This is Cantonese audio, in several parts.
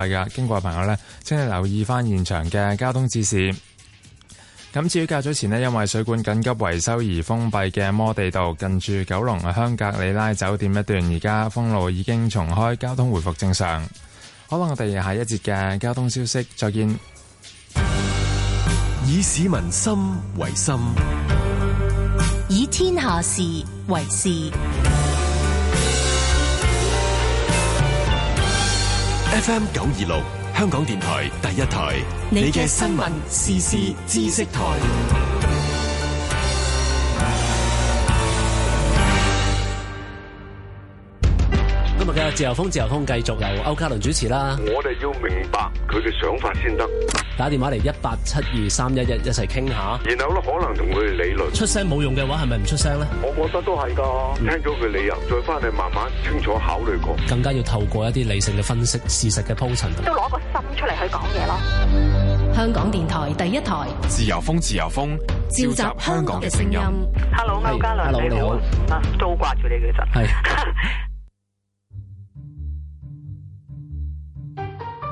係噶，經過嘅朋友呢，請你留意翻現場嘅交通指示。咁至於較早前咧，因為水管緊急維修而封閉嘅摩地道近住九龍香格里拉酒店一段，而家封路已經重開，交通回復正常。好啦，我哋下一節嘅交通消息，再見。以市民心為心，以天下事為事。FM 九二六，香港電台第一台，你嘅新聞、時事、知識台。自由風，自由風，繼續由歐嘉倫主持啦。我哋要明白佢嘅想法先得。打電話嚟一八七二三一一，一齊傾下。然後咧，可能同佢理論。出聲冇用嘅話，係咪唔出聲咧？我覺得都係噶。聽咗佢理由，再翻嚟慢慢清楚考慮過。更加要透過一啲理性嘅分析、事實嘅鋪陳。都攞個心出嚟去講嘢咯。香港電台第一台，自由風，自由風，召集香港嘅聲音。Hello，歐嘉倫，你好。啊，都掛住你嘅真係。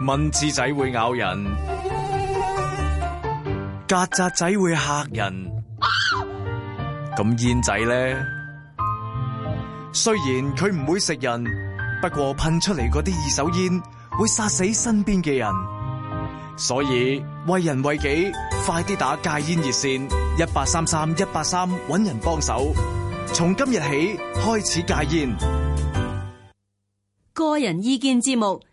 蚊子仔會咬人，曱甴仔會嚇人，咁煙、啊、仔咧，雖然佢唔會食人，不過噴出嚟嗰啲二手煙會殺死身邊嘅人，所以為人為己，快啲打戒煙熱線一八三三一八三，揾人幫手，從今日起開始戒煙。個人意見節目。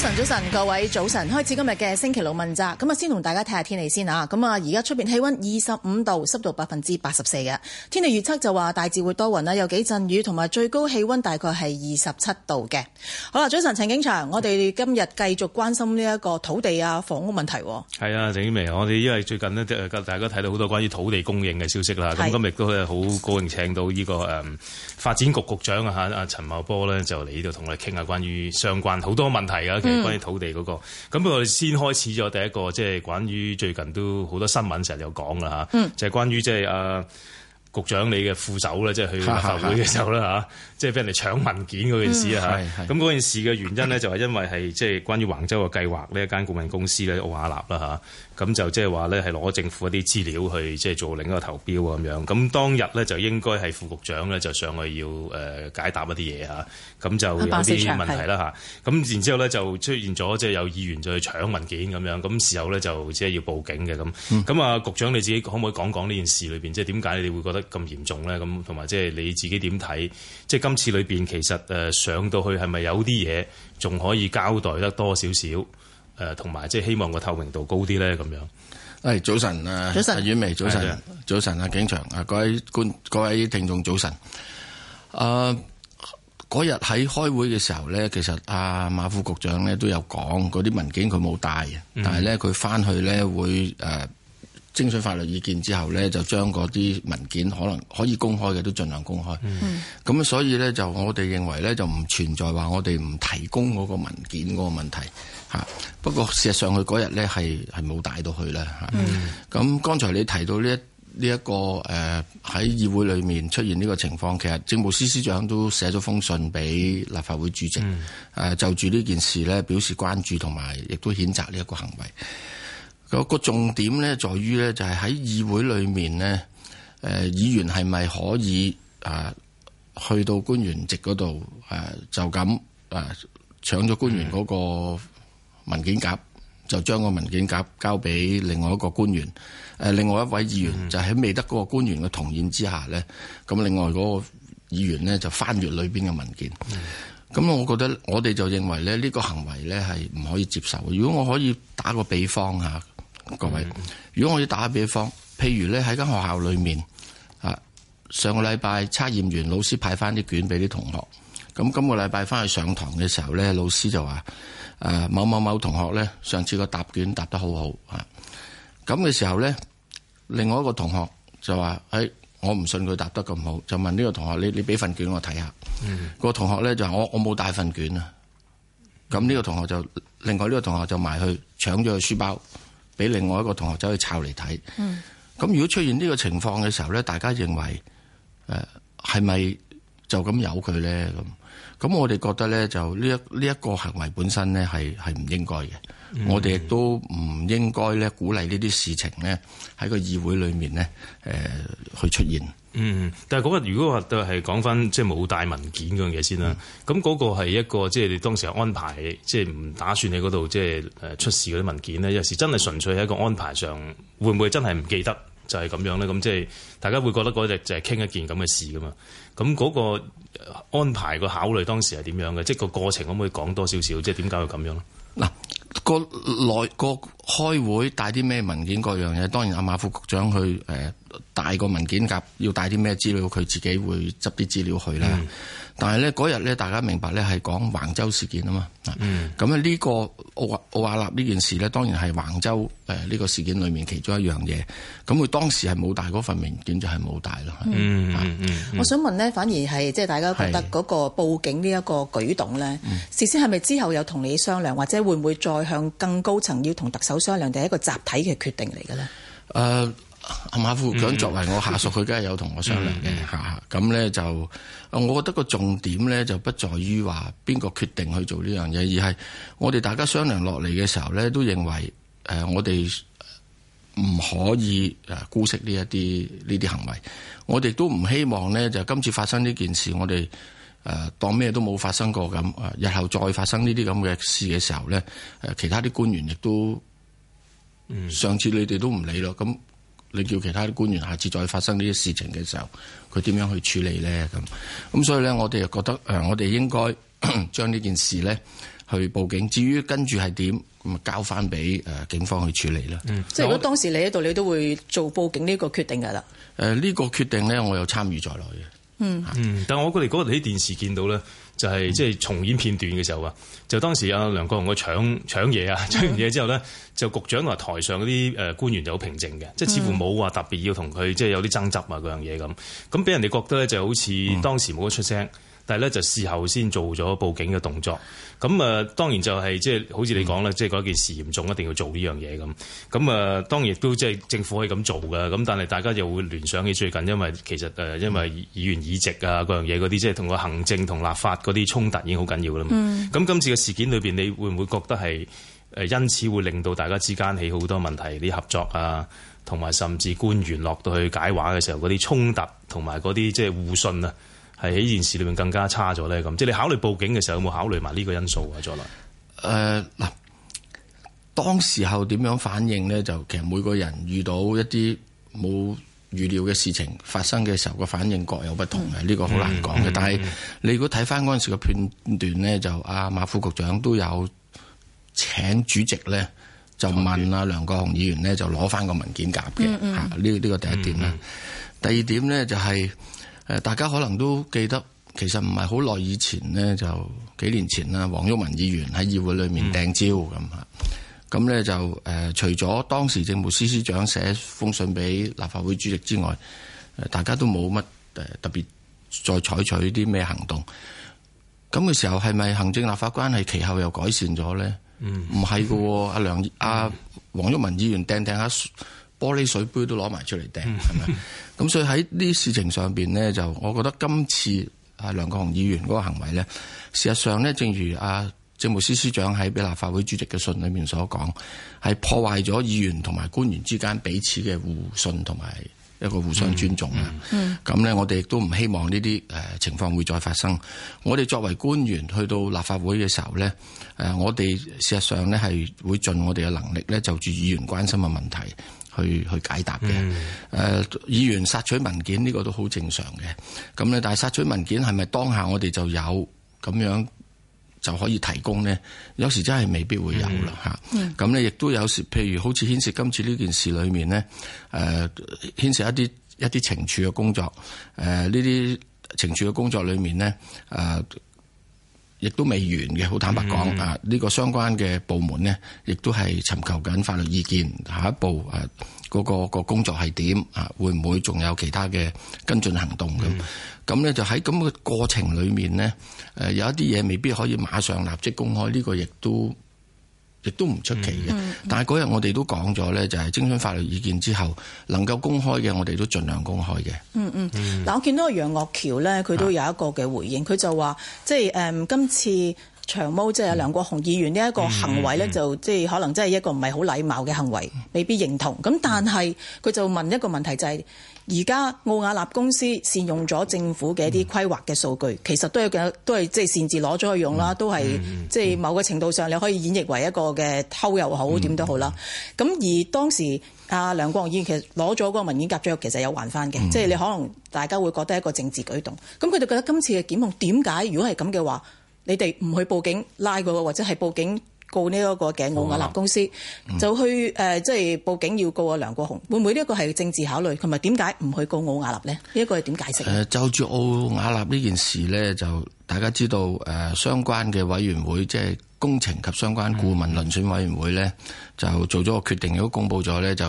早晨，早晨，各位早晨，開始今日嘅星期六問責，咁啊，先同大家睇下天氣先啊。咁啊，而家出邊氣溫二十五度，濕度百分之八十四嘅。天氣預測就話大致會多雲啦，有幾陣雨，同埋最高氣溫大概係二十七度嘅。好啦，早晨，陳景祥，我哋今日繼續關心呢一個土地啊，房屋問題。係啊，鄭婉薇，我哋因為最近咧，即大家睇到好多關於土地供應嘅消息啦。咁是今日都係好高興，請到呢、這個誒、嗯、發展局局長啊吓，阿陳茂波咧就嚟呢度同我哋傾下關於相關好多問題啊。嗯、關於土地嗰、那個，咁我哋先開始咗第一個，即、就、係、是、關於最近都好多新聞成日有講啦嚇，就係關於即係啊局長你嘅副手咧，即係去立法會嘅時候咧嚇，即係俾人哋搶文件嗰件事嚇。咁嗰件事嘅原因咧，就係、是、因為係即係關於橫洲嘅計劃呢一間顧問公司咧奧雅納啦嚇。啊咁就即係話咧，係攞政府一啲資料去即係做另一個投標咁樣。咁當日咧就應該係副局長咧就上去要誒解答一啲嘢嚇。咁就有啲問題啦吓，咁然之後咧就出現咗即係有議員就去搶文件咁樣。咁事後咧就即係要報警嘅咁。咁啊、嗯，局長你自己可唔可以講講呢件事裏邊即係點解你會覺得咁嚴重咧？咁同埋即係你自己點睇？即係今次裏邊其實誒上到去係咪有啲嘢仲可以交代得多少少？誒同埋即係希望個透明度高啲咧咁樣。係早晨，早晨啊，早晨，婉薇的早晨，早晨啊，景祥啊，各位觀各位聽眾早晨。誒嗰日喺開會嘅時候咧，其實阿、啊、馬副局長咧都有講，嗰啲文件，佢冇帶，嗯、但係咧佢返去咧會誒。啊徵詢法律意見之後呢，就將嗰啲文件可能可以公開嘅都盡量公開。咁、嗯、所以呢，就我哋認為呢，就唔存在話我哋唔提供嗰個文件嗰個問題嚇。不過事實上，佢嗰日呢係係冇帶到去啦嚇。咁、嗯、剛才你提到呢呢一個誒喺、呃、議會裏面出現呢個情況，其實政務司司長都寫咗封信俾立法會主席誒、嗯呃，就住呢件事呢，表示關注同埋亦都譴責呢一個行為。個重點咧，在於咧就係喺議會裏面呢，誒、呃、議員係咪可以啊、呃、去到官員席嗰度誒就咁誒、呃、搶咗官員嗰個文件夾，mm hmm. 就將個文件夾交俾另外一個官員誒、呃，另外一位議員就喺未得嗰個官員嘅同意之下呢，咁、mm hmm. 另外嗰個議員咧就翻閲裏邊嘅文件。咁、mm hmm. 我覺得我哋就認為咧，呢個行為咧係唔可以接受。如果我可以打個比方嚇。各位，如果我要打比方，譬如咧喺間學校裏面，啊，上個禮拜測驗完，老師派翻啲卷俾啲同學。咁今個禮拜翻去上堂嘅時候咧，老師就話，誒，某某某同學咧，上次個答卷答得好好啊。咁嘅時候咧，另外一個同學就話，誒、哎，我唔信佢答得咁好，就問呢個同學，你你俾份卷我睇下。個同學咧就，我我冇帶份卷啊。咁呢個同學就，另外呢個同學就埋去搶咗個書包。俾另外一個同學走去抄嚟睇，咁、嗯、如果出現呢個情況嘅時候咧，大家認為誒係咪？呃是就咁由佢咧咁，咁我哋覺得咧就呢一呢一個行為本身咧係係唔應該嘅，嗯、我哋亦都唔應該咧鼓勵呢啲事情咧喺個議會裏面咧誒、呃、去出現。嗯，但係嗰日如果話都係講翻即係冇帶文件嗰樣嘢先啦，咁嗰、嗯、個係一個即係、就是、你當時安排，即係唔打算喺嗰度即係誒出事嗰啲文件咧，有時真係純粹係一個安排上，會唔會真係唔記得？就係咁樣啦。咁即係大家會覺得嗰只就係傾一件咁嘅事㗎嘛。咁、那、嗰個安排個考慮當時係點樣嘅？即係個過程可唔可以講多少少？即係點解會咁樣咯？嗱，個內個開會帶啲咩文件，各樣嘢當然阿馬副局長去誒帶個文件夾，要帶啲咩資料，佢自己會執啲資料去啦。嗯但係咧嗰日咧，大家明白咧係講橫州事件啊嘛，咁啊呢個奧奧雅納呢件事呢，當然係橫州誒呢、呃這個事件裡面其中一樣嘢。咁佢當時係冇帶嗰份文件就，就係冇帶咯。嗯嗯嗯、是我想問呢，反而係即係大家覺得嗰個報警呢一個舉動呢，事先係咪之後有同你商量，或者會唔會再向更高層要同特首商量，定係一個集體嘅決定嚟嘅呢？誒、呃。阿馬副局長作為我下屬，佢梗係有同我商量嘅吓。咁咧、 啊、就，我覺得個重點咧就不在於話邊個決定去做呢樣嘢，而係我哋大家商量落嚟嘅時候咧，都認為誒、呃，我哋唔可以誒姑息呢一啲呢啲行為。我哋都唔希望咧，就今次發生呢件事，我哋誒、呃、當咩都冇發生過咁。誒，日後再發生呢啲咁嘅事嘅時候咧，誒、呃，其他啲官員亦都，上次你哋都唔理咯，咁。你叫其他啲官員下次再發生呢啲事情嘅時候，佢點樣去處理咧？咁咁所以咧，我哋又覺得誒、呃，我哋應該將呢件事咧去報警。至於跟住係點咁啊，交翻俾誒警方去處理啦。即係、嗯、以如果當時你喺度，我你都會做報警呢個決定㗎啦。誒呢、呃這個決定咧，我有參與在內嘅。嗯，但係我覺得嗰日喺電視見到咧，就係即係重演片段嘅時候啊，就當時阿梁國雄個搶搶嘢啊，搶完嘢之後咧， 就局長話台上嗰啲誒官員就好平靜嘅，即係似乎冇話特別要同佢即係有啲爭執啊嗰樣嘢咁，咁俾人哋覺得咧就好似當時冇得出聲。 但係咧就事後先做咗報警嘅動作，咁啊當然就係即係好似你講啦，即係嗰件事嚴重，一定要做呢樣嘢咁。咁啊當然亦都即係政府可以咁做㗎，咁但係大家又會聯想起最近，因為其實誒因為議員議席啊嗰樣嘢嗰啲，即係同個行政同立法嗰啲衝突已經好緊要喇嘛。咁、嗯、今次嘅事件裏邊，你會唔會覺得係誒因此會令到大家之間起好多問題，啲合作啊，同埋甚至官員落到去解話嘅時候嗰啲衝突同埋嗰啲即係互信啊？係喺現實裏面更加差咗咧？咁即係你考慮報警嘅時候，有冇考慮埋呢個因素啊？在內誒，嗱，當時候點樣反應咧？就其實每個人遇到一啲冇預料嘅事情發生嘅時候，個反應各有不同嘅，呢個好難講嘅。但係你如果睇翻嗰陣時嘅片段咧，就阿馬副局長都有請主席咧，就問阿梁國雄議員咧，就攞翻個文件夾嘅吓，呢呢個第一點啦。第二點咧就係。誒，大家可能都記得，其實唔係好耐以前呢，就幾年前啊，黃毓民議員喺議會裏面掟蕉咁嚇，咁咧、嗯、就誒、呃，除咗當時政務司司長寫封信俾立法會主席之外，誒、呃，大家都冇乜誒特別再採取啲咩行動。咁嘅時候係咪行政立法關係其後又改善咗咧？唔係嘅喎，阿、哦啊、梁阿黃、啊嗯啊、毓民議員掟掟下。玻璃水杯都攞埋出嚟掟，係咪咁？ 所以喺呢啲事情上邊呢，就我覺得今次啊梁國雄議員嗰個行為呢，事實上呢，正如啊政務司司長喺俾立法會主席嘅信裏面所講，係破壞咗議員同埋官員之間彼此嘅互信同埋一個互相尊重啊。咁呢，我哋亦都唔希望呢啲誒情況會再發生。我哋作為官員去到立法會嘅時候呢，誒我哋事實上呢，係會盡我哋嘅能力呢，就住議員關心嘅問題。去去解答嘅，誒、呃，議員索取文件呢，這個都好正常嘅，咁咧，但係索取文件係咪當下我哋就有咁樣就可以提供呢？有時真係未必會有啦吓，咁咧，嗯、亦都有時，譬如好似牽涉今次呢件事裏面呢，誒、呃，牽涉一啲一啲懲處嘅工作，誒、呃，呢啲懲處嘅工作裏面呢。誒、呃。亦都未完嘅，好坦白講、mm hmm. 啊！呢、呢個相關嘅部門呢，亦都係尋求緊法律意見，下一步啊，嗰、呢個、呢個工作係點啊？會唔會仲有其他嘅跟進行動咁？咁咧、mm hmm. 就喺咁個過程裡面呢，誒、呃、有一啲嘢未必可以馬上立即公開，呢、呢個亦都。亦都唔出奇嘅，嗯嗯、但係嗰日我哋都講咗咧，就係徵詢法律意見之後能夠公開嘅我哋都盡量公開嘅、嗯。嗯嗯，嗱，我見到楊岳橋咧，佢都有一個嘅回應，佢、啊、就話：就是「即係誒，今次。長毛即係梁國雄議員呢一個行為咧，mm hmm. 就即係可能真係一個唔係好禮貌嘅行為，未必認同。咁但係佢就問一個問題、就是，就係而家奧雅納公司善用咗政府嘅一啲規劃嘅數據，其實都係都係即係擅自攞咗去用啦，都係即係某個程度上你可以演繹為一個嘅偷又好點、mm hmm. 都好啦。咁而當時阿梁國雄議員其實攞咗嗰個文件夾咗去，其實有還翻嘅，即係、mm hmm. 你可能大家會覺得一個政治舉動。咁佢哋覺得今次嘅檢控點解？如果係咁嘅話，你哋唔去報警拉佢，或者係報警告呢一個嘅頸奧雅納公司，嗯、就去誒，即、呃、係、就是、報警要告阿梁國雄，會唔會呢一個係政治考慮？同埋點解唔去告奧雅納呢？呢、這、一個係點解釋？誒、呃，就住奧雅納呢件事呢，嗯、就大家知道誒、呃，相關嘅委員會，即係工程及相關顧問遴選委員會呢，嗯、就做咗個決定，亦都公佈咗呢，就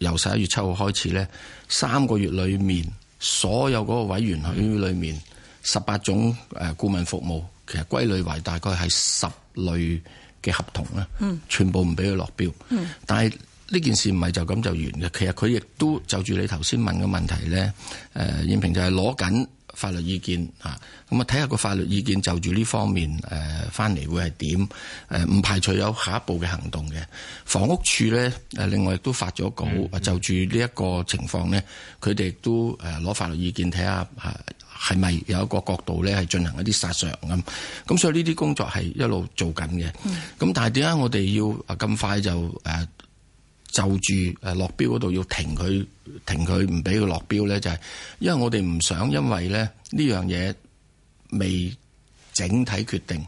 由十一月七號開始呢，三個月裡面所有嗰個委員會裡面十八、嗯、種誒顧問服務。其實歸類為大概係十類嘅合同啦，嗯、全部唔俾佢落標。嗯、但係呢件事唔係就咁就完嘅。其實佢亦都就住你頭先問嘅問題咧，誒、呃、燕平就係攞緊法律意見嚇，咁啊睇下個法律意見就住呢方面誒翻嚟會係點？誒、啊、唔排除有下一步嘅行動嘅。房屋署咧誒，另外亦都發咗稿、嗯、就住呢一個情況咧，佢哋亦都誒攞法律意見睇下嚇。啊係咪有一個角度咧，係進行一啲殺傷咁？咁所以呢啲工作係一路做緊嘅。咁、嗯、但係點解我哋要啊咁快就誒、啊、就住誒落標嗰度要停佢停佢，唔俾佢落標咧？就係、是、因為我哋唔想因為咧呢樣嘢未整體決定，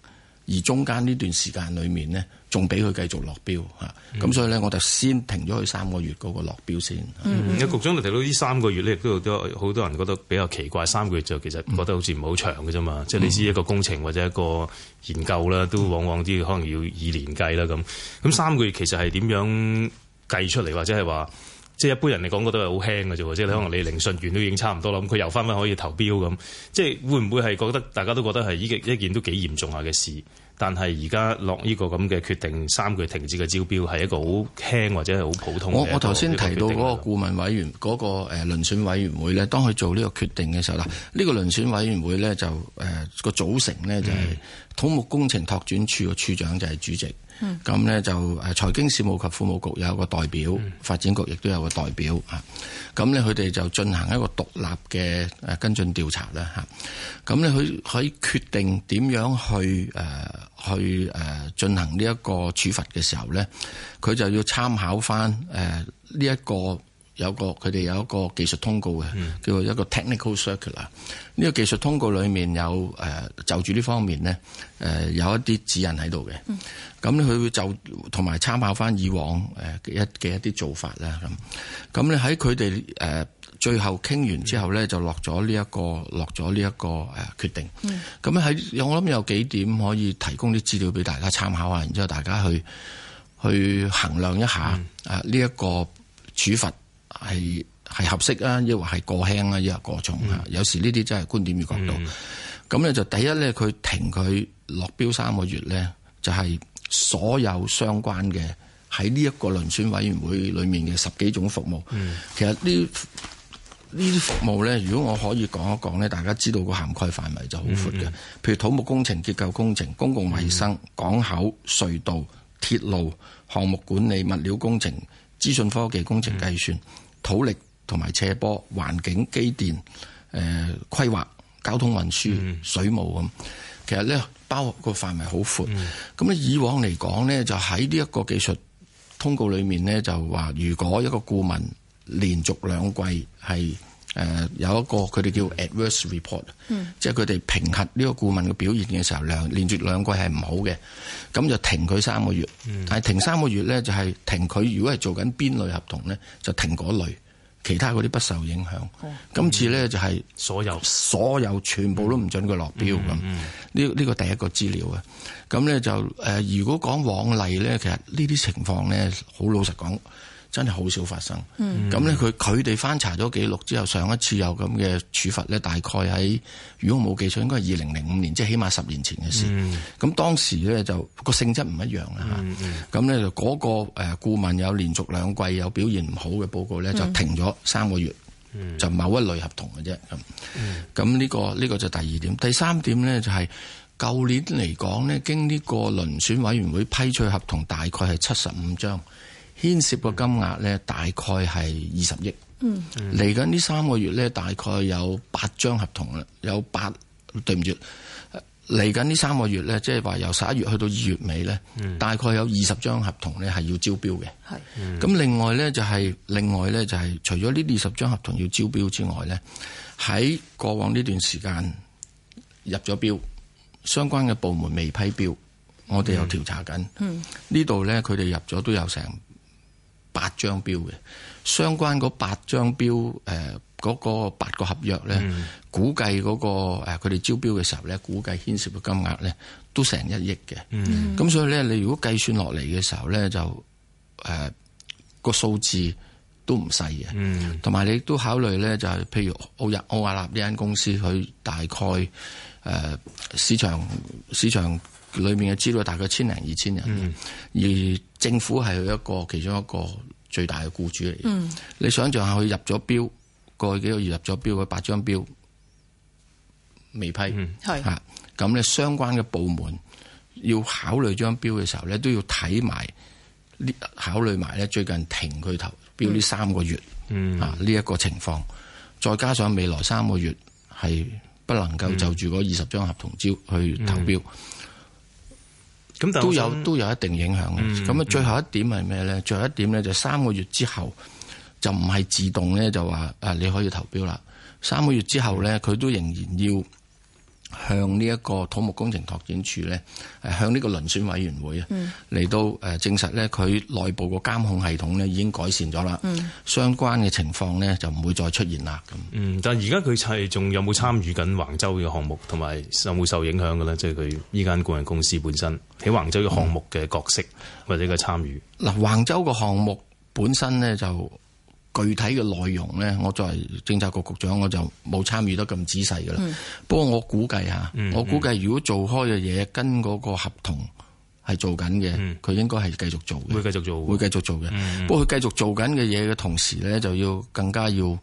而中間呢段時間裡面咧，仲俾佢繼續落標嚇，咁、嗯、所以咧我就先停咗佢三個月嗰個落標先。阿、嗯、局長，提到呢三個月咧，亦都有好多人覺得比較奇怪。三個月就其實覺得好似唔係好長嘅啫嘛，嗯、即係你知一個工程或者一個研究啦，都往往啲可能要以年計啦咁。咁三個月其實係點樣計出嚟，或者係話即係一般人嚟講，覺得係好輕嘅啫或者你可能你聆訊完都已經差唔多啦，咁佢又翻返可以投標咁，即係會唔會係覺得大家都覺得係呢一件都幾嚴重下嘅事？但係而家落呢個咁嘅決定，三個月停止嘅招標係一個好輕或者係好普通。我我頭先提到嗰個顧問委員嗰、嗰個誒遴選委員會咧，當佢做呢個決定嘅時候啦，呢、呢個遴選委員會咧就誒個組成咧就係土木工程拓展處嘅處長就係主席。咁咧就誒財經事務及庫務局有一個代表，發展局亦都有個代表啊。咁咧佢哋就進行一個獨立嘅誒跟進調查啦嚇。咁咧佢可以決定點樣去誒去誒進行呢一個處罰嘅時候咧，佢就要參考翻誒呢一個。有個佢哋有一個技術通告嘅，叫做一個 technical circular。呢個技術通告裏面有誒就住呢方面咧，誒有一啲指引喺度嘅。咁咧佢會就同埋參考翻以往誒嘅一嘅一啲做法啦。咁咁咧喺佢哋誒最後傾完之後咧，就落咗呢一個落咗呢一個誒決定。咁咧喺我諗有幾點可以提供啲資料俾大家參考啊，然之後大家去去衡量一下啊呢一個處罰。係係合適啊，抑或係過輕啊，抑或過重啊？有時呢啲真係觀點與角度。咁咧就第一咧，佢停佢落標三個月咧，就係所有相關嘅喺呢一個輪選委員會裏面嘅十幾種服務。其實呢呢啲服務咧，如果我可以講一講咧，大家知道個涵蓋範圍就好闊嘅。譬如土木工程、結構工程、公共衛生、港口、隧道、鐵路、項目管理、物料工程、資訊科技、工程計算。土力同埋斜坡、環境、機電、誒、呃、規劃、交通運輸、水務咁，其實咧包個範圍好闊。咁咧、嗯、以往嚟講咧，就喺呢一個技術通告裏面咧，就話如果一個顧問連續兩季係誒、呃、有一個佢哋叫 adverse report，嗯、即係佢哋評核呢個顧問嘅表現嘅時候，兩連住兩季係唔好嘅，咁就停佢三個月。嗯嗯、但係停三個月咧，就係、是、停佢。如果係做緊邊類合同咧，就停嗰類，其他嗰啲不受影響。嗯、今次咧就係、是、所有所有全部都唔准佢落標咁。呢呢、嗯嗯這個這個第一個資料啊。咁咧就誒、呃，如果講往例咧，其實呢啲情況咧，好老實講。真係好少發生，咁呢、嗯，佢佢哋翻查咗記錄之後，上一次有咁嘅處罰呢，大概喺如果冇記錯，應該係二零零五年，即係起碼十年前嘅事。咁、嗯、當時呢，就個性質唔一樣啦嚇。咁呢就嗰個誒顧問有連續兩季有表現唔好嘅報告呢，就停咗三個月，嗯、就某一類合同嘅啫。咁咁呢個呢、呢個就第二點，第三點呢、就係，就係舊年嚟講呢，經呢個遴選委員會批出合同，大概係七十五張。牽涉個金額咧，大概係二十億。嚟緊呢三個月咧，大概有八張合同啦，有八，對唔住。嚟緊呢三個月咧，即係話由十一月去到二月尾咧，嗯、大概有二十張合同咧係要招標嘅。咁是、嗯、另外呢、就係，就係另外咧就係，除咗呢二十張合同要招標之外呢，喺過往呢段時間入咗標，相關嘅部門未批標，我哋又調查緊。呢度呢佢哋入咗都有成。八張標嘅相關嗰八張標誒嗰、呃那個八個合約咧、嗯那個呃，估計嗰個佢哋招標嘅時候咧，估計牽涉嘅金額咧都成一億嘅。咁、嗯、所以咧，你如果計算落嚟嘅時候咧，就誒、呃那個數字都唔細嘅。同埋、嗯、你亦都考慮咧，就係譬如奧日奧亞納呢間公司，佢大概誒、呃、市場市場裏面嘅資料大概千零二千人，而政府係一個其中一個最大嘅僱主嚟、嗯，你想象下佢入咗標，過去幾個月入咗標嘅八張標未批，係啊，咁咧相關嘅部門要考慮張標嘅時候咧，都要睇埋呢考慮埋咧最近停佢投標呢三個月、嗯、啊呢一、呢個情況，再加上未來三個月係、嗯、不能夠就住嗰二十張合同招去投標。嗯嗯都有都有一定影響嘅，嗯，咁啊最後一點係咩咧？嗯，最後一點咧就三個月之後就唔係自動咧就話啊你可以投標啦。三個月之後咧佢都仍然要。向呢一個土木工程拓展署咧，誒向呢個遴選委員會嚟、嗯、到誒，證實咧佢內部個監控系統咧已經改善咗啦，嗯、相關嘅情況咧就唔會再出現啦。咁嗯，但係而家佢係仲有冇參與緊橫洲嘅項目，同埋有冇受影響嘅咧？即係佢依間個人公司本身喺橫洲嘅項目嘅角色、嗯、或者個參與嗱、嗯，橫洲個項目本身咧就。具體嘅內容咧，我作為政策局局長，我就冇參與得咁仔細㗎喇。嗯、不過我估計吓，嗯嗯、我估計如果做開嘅嘢，跟嗰個合同係做緊嘅，佢、嗯、應該係繼續做嘅。會繼續做，會繼續做嘅。嗯、不過佢繼續做緊嘅嘢嘅同時咧，就要更加要。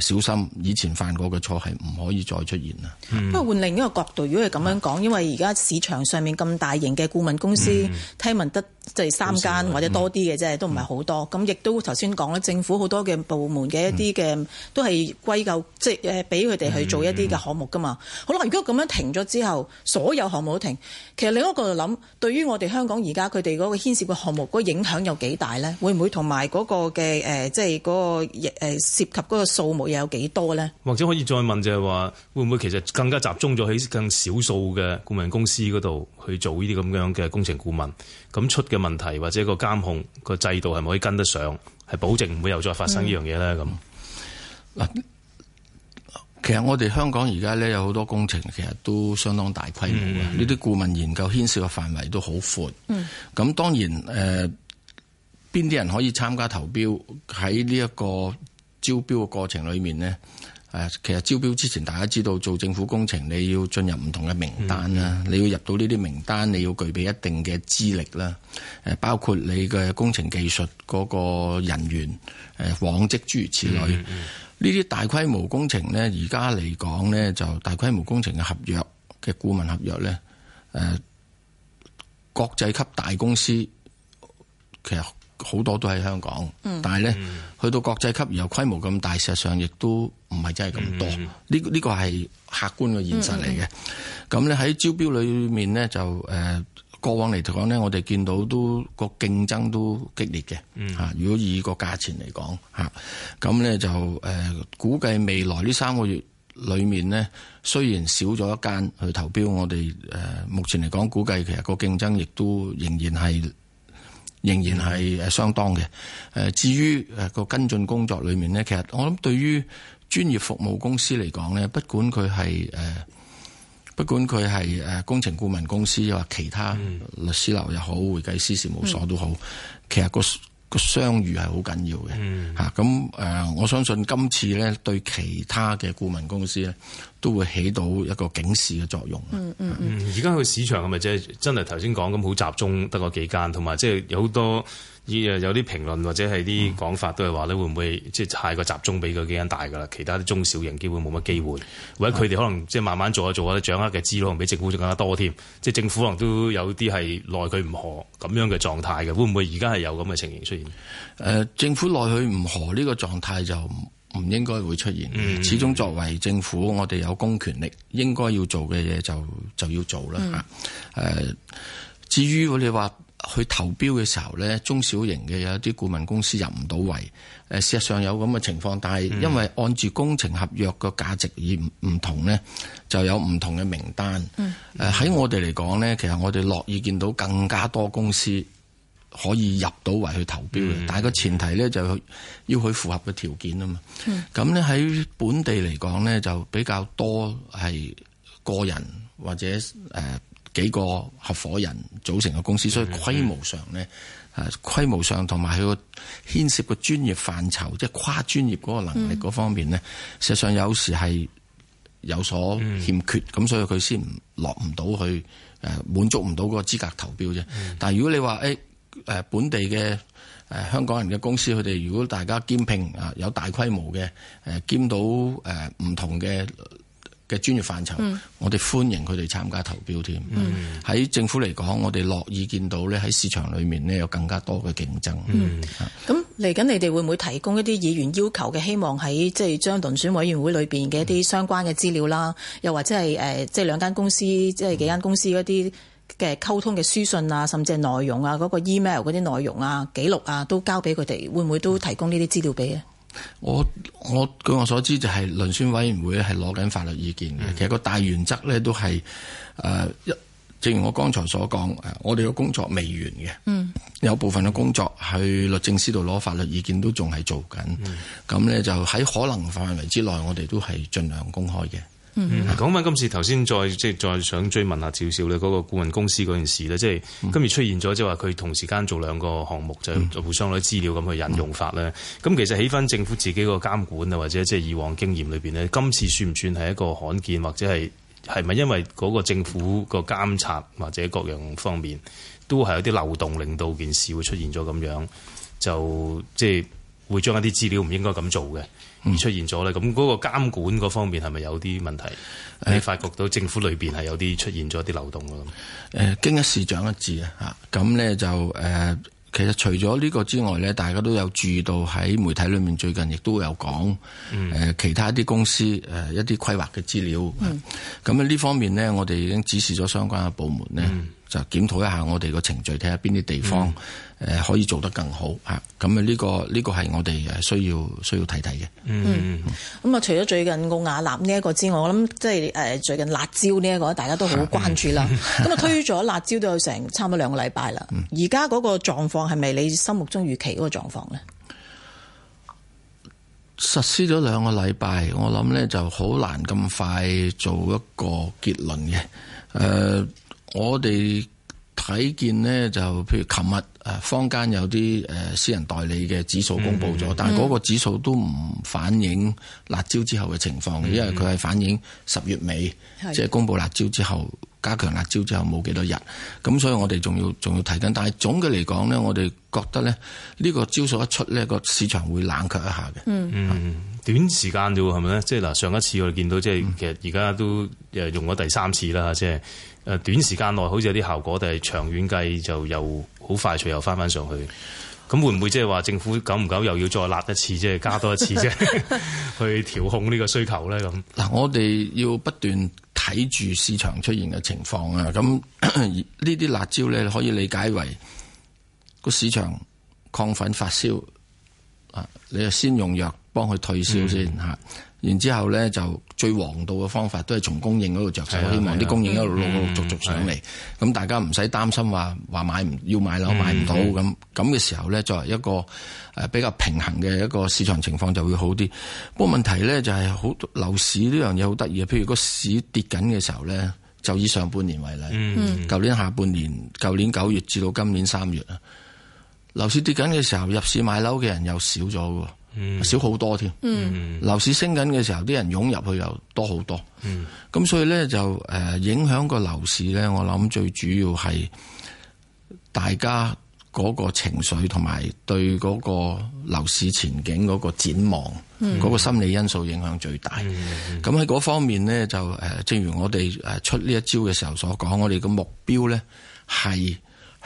誒小心！以前犯過嘅錯係唔可以再出現啦。嗯、不過換另一個角度，如果係咁樣講，因為而家市場上面咁大型嘅顧問公司，嗯、聽聞得即係三間、嗯、或者多啲嘅啫，都唔係好多。咁亦、嗯、都頭先講咧，政府好多嘅部門嘅一啲嘅、嗯、都係歸咎，即係誒俾佢哋去做一啲嘅項目㗎嘛。嗯、好啦，如果咁樣停咗之後，所有項目都停，其實你喺度諗，對於我哋香港而家佢哋嗰個牽涉嘅項目嗰個影響有幾大咧？會唔會同埋嗰個嘅誒，即係嗰、嗰個涉及嗰、嗰個、個數？服務又有幾多咧？或者可以再問就係話，會唔會其實更加集中咗喺更少數嘅顧問公司嗰度去做呢啲咁樣嘅工程顧問？咁出嘅問題或者個監控個制度係咪可以跟得上？係保證唔會又再發生呢樣嘢咧？咁嗱、嗯嗯，其實我哋香港而家咧有好多工程，其實都相當大規模啊。呢啲、嗯、顧問研究牽涉嘅範圍都好闊。咁、嗯、當然誒，邊、呃、啲人可以參加投標喺呢一個？招標嘅過程裏面呢，誒，其實招標之前，大家知道做政府工程你要進入唔同嘅名單啦，嗯、你要入到呢啲名單，你要具備一定嘅資歷啦，誒，包括你嘅工程技術嗰個人員，誒，往績諸如此類。呢啲、嗯嗯、大規模工程呢，而家嚟講呢，就大規模工程嘅合約嘅顧問合約呢，誒、呃，國際級大公司其實。好多都喺香港，嗯、但係咧、嗯、去到國際級然後規模咁大，事實上亦都唔係真係咁多。呢呢、嗯嗯這個係、這個、客觀嘅現實嚟嘅。咁咧喺招標裏面咧就誒、呃、過往嚟講咧，我哋見到都個競爭都激烈嘅。嚇、嗯，如果以個價錢嚟講嚇，咁、啊、咧就誒、呃、估計未來呢三個月裏面咧，雖然少咗一間去投標，我哋誒、呃、目前嚟講估計其實個競爭亦都仍然係。仍然係誒相當嘅，誒、呃、至於誒個跟進工作裏面呢，其實我諗對於專業服務公司嚟講呢，不管佢係誒，不管佢係誒工程顧問公司又或者其他律師樓又好，會計師事務所都好，嗯、其實、嗰個。個相遇係好緊要嘅嚇，咁誒、嗯啊呃，我相信今次咧對其他嘅顧問公司咧都會起到一個警示嘅作用。嗯嗯嗯，而家個市場係咪即係真係頭先講咁好集中得嗰幾間，同埋即係有好多。依誒有啲評論或者係啲講法都係話咧，會唔會即係太過集中俾佢幾間大噶啦？其他啲中小型基本冇乜機會，或者佢哋可能即係慢慢做一做下，掌握嘅資料能比政府更加多添。即係政府可能都有啲係奈佢唔何咁樣嘅狀態嘅，會唔會而家係有咁嘅情形出現？誒、呃，政府奈佢唔何呢個狀態就唔應該會出現。嗯、始終作為政府，我哋有公權力，應該要做嘅嘢就就要做啦。誒、嗯呃，至於我哋話。去投標嘅時候呢，中小型嘅有啲顧問公司入唔到圍，誒，事實上有咁嘅情況，但係因為按住工程合約個價值而唔同呢，就有唔同嘅名單。誒喺、嗯呃、我哋嚟講呢，其實我哋樂意見到更加多公司可以入到圍去投標、嗯、但係個前提呢，就要佢符合嘅條件啊嘛。咁呢、嗯，喺、嗯、本地嚟講呢，就比較多係個人或者誒。呃幾個合夥人組成嘅公司，所以規模上咧，誒、啊、規模上同埋佢個牽涉個專業範疇，即係跨專業嗰個能力嗰方面咧，事、嗯、實上有時係有所欠缺，咁、嗯、所以佢先落唔到去誒、啊、滿足唔到個資格投標啫。但係如果你話誒誒本地嘅誒、啊、香港人嘅公司，佢哋如果大家兼聘啊，有大規模嘅誒、啊、兼到誒唔、啊、同嘅嘅專業範疇，嗯、我哋歡迎佢哋參加投標添。喺、嗯啊、政府嚟講，我哋樂意見到咧喺市場裏面咧有更加多嘅競爭。咁嚟緊，啊、你哋會唔會提供一啲議員要求嘅希望喺即係將遴選委員會裏邊嘅一啲相關嘅資料啦，嗯、又或者係誒即係兩間公司即係、嗯、幾間公司嗰啲嘅溝通嘅書信啊，甚至係內容啊，嗰、嗰個 email 嗰啲內容啊記錄啊，都交俾佢哋，會唔會都提供呢啲資料俾啊？我我據我所知就係遴選委員會咧係攞緊法律意見嘅，其實個大原則咧都係誒一，正如我剛才所講，我哋嘅工作未完嘅，嗯、有部分嘅工作去律政司度攞法律意見都仲係做緊，咁咧、嗯、就喺可能範圍之內，我哋都係盡量公開嘅。Mm hmm. 嗯，講翻今次頭先，再即係再想追問下少少咧，嗰、嗰個顧問公司嗰件事咧，即係今日出現咗，即係話佢同時間做兩個項目，mm hmm. 就互相攞資料咁去引用法咧。咁、mm hmm. 其實起翻政府自己個監管啊，或者即係以往經驗裏邊呢，今次算唔算係一個罕見，或者係係咪因為嗰個政府個監察或者各樣方面都係有啲漏洞，令到件事會出現咗咁樣，就即係。會將一啲資料唔應該咁做嘅而出現咗咧，咁嗰、嗯、個監管嗰方面係咪有啲問題？你發覺到政府裏邊係有啲出現咗啲漏洞嘅咁？誒，經一事長一智啊！嚇，咁咧就誒，其實除咗呢個之外咧，大家都有注意到喺媒體裏面最近亦都有講誒、啊、其他一啲公司誒、啊、一啲規劃嘅資料。咁、嗯、啊，呢方面呢，我哋已經指示咗相關嘅部門咧。嗯嗯就檢討一下我哋個程序，睇下邊啲地方誒、嗯呃、可以做得更好嚇。咁啊，呢、這個呢、這個係我哋誒需要需要睇睇嘅。嗯，咁啊，除咗最近奧雅納呢一個之外，我諗即係誒最近辣招呢、這、一個，大家都好關注啦。咁啊，推咗辣招都有成差唔多兩個禮拜啦。而家嗰個狀況係咪你心目中預期嗰個狀況咧？嗯、實施咗兩個禮拜，我諗咧就好難咁快做一個結論嘅。誒、呃。嗯嗯我哋睇見呢，就譬如琴日誒，坊間有啲誒私人代理嘅指數公佈咗，嗯、但係嗰個指數都唔反映辣招之後嘅情況，嗯、因為佢係反映十月尾，是即係公佈辣招之後，加強辣招之後冇幾多日，咁所以我哋仲要仲要睇緊。但係總嘅嚟講呢，我哋覺得咧，呢個招數一出呢，個市場會冷卻一下嘅。嗯嗯，是短時間啫喎，係咪咧？即係嗱，上一次我哋見到，即係其實而家都誒用咗第三次啦，即係。誒，短時間內好似有啲效果，但係長遠計就又好快脆又返返上去。咁會唔會即係話政府久唔久又要再辣一次，即係加多一次啫，去調控呢個需求咧？咁嗱，我哋要不斷睇住市場出現嘅情況啊。咁呢啲辣椒咧，可以理解為個市場抗奮發燒啊，你就先用藥幫佢退燒先嚇，嗯嗯然之後咧就。最王道嘅方法都係從供應嗰度着手，的希望啲供應一路陸陸續續上嚟，咁大家唔使擔心話話買唔要買樓買唔到咁咁嘅時候咧，作為一個誒比較平衡嘅一個市場情況就會好啲。不過問題咧就係、是、好樓市呢樣嘢好得意啊，譬如個市跌緊嘅時候咧，就以上半年為例，舊的年下半年、舊年九月至到今年三月啊，樓市跌緊嘅時候入市買樓嘅人又少咗喎。嗯、少好多添，樓、嗯、市升緊嘅時候，啲人湧入去又多好多，咁、嗯、所以呢，就誒、呃、影響個樓市呢。我諗最主要係大家嗰個情緒同埋對嗰個樓市前景嗰個展望，嗰、嗯、個心理因素影響最大。咁喺嗰方面呢，就誒、呃，正如我哋誒出呢一招嘅時候所講，我哋嘅目標呢係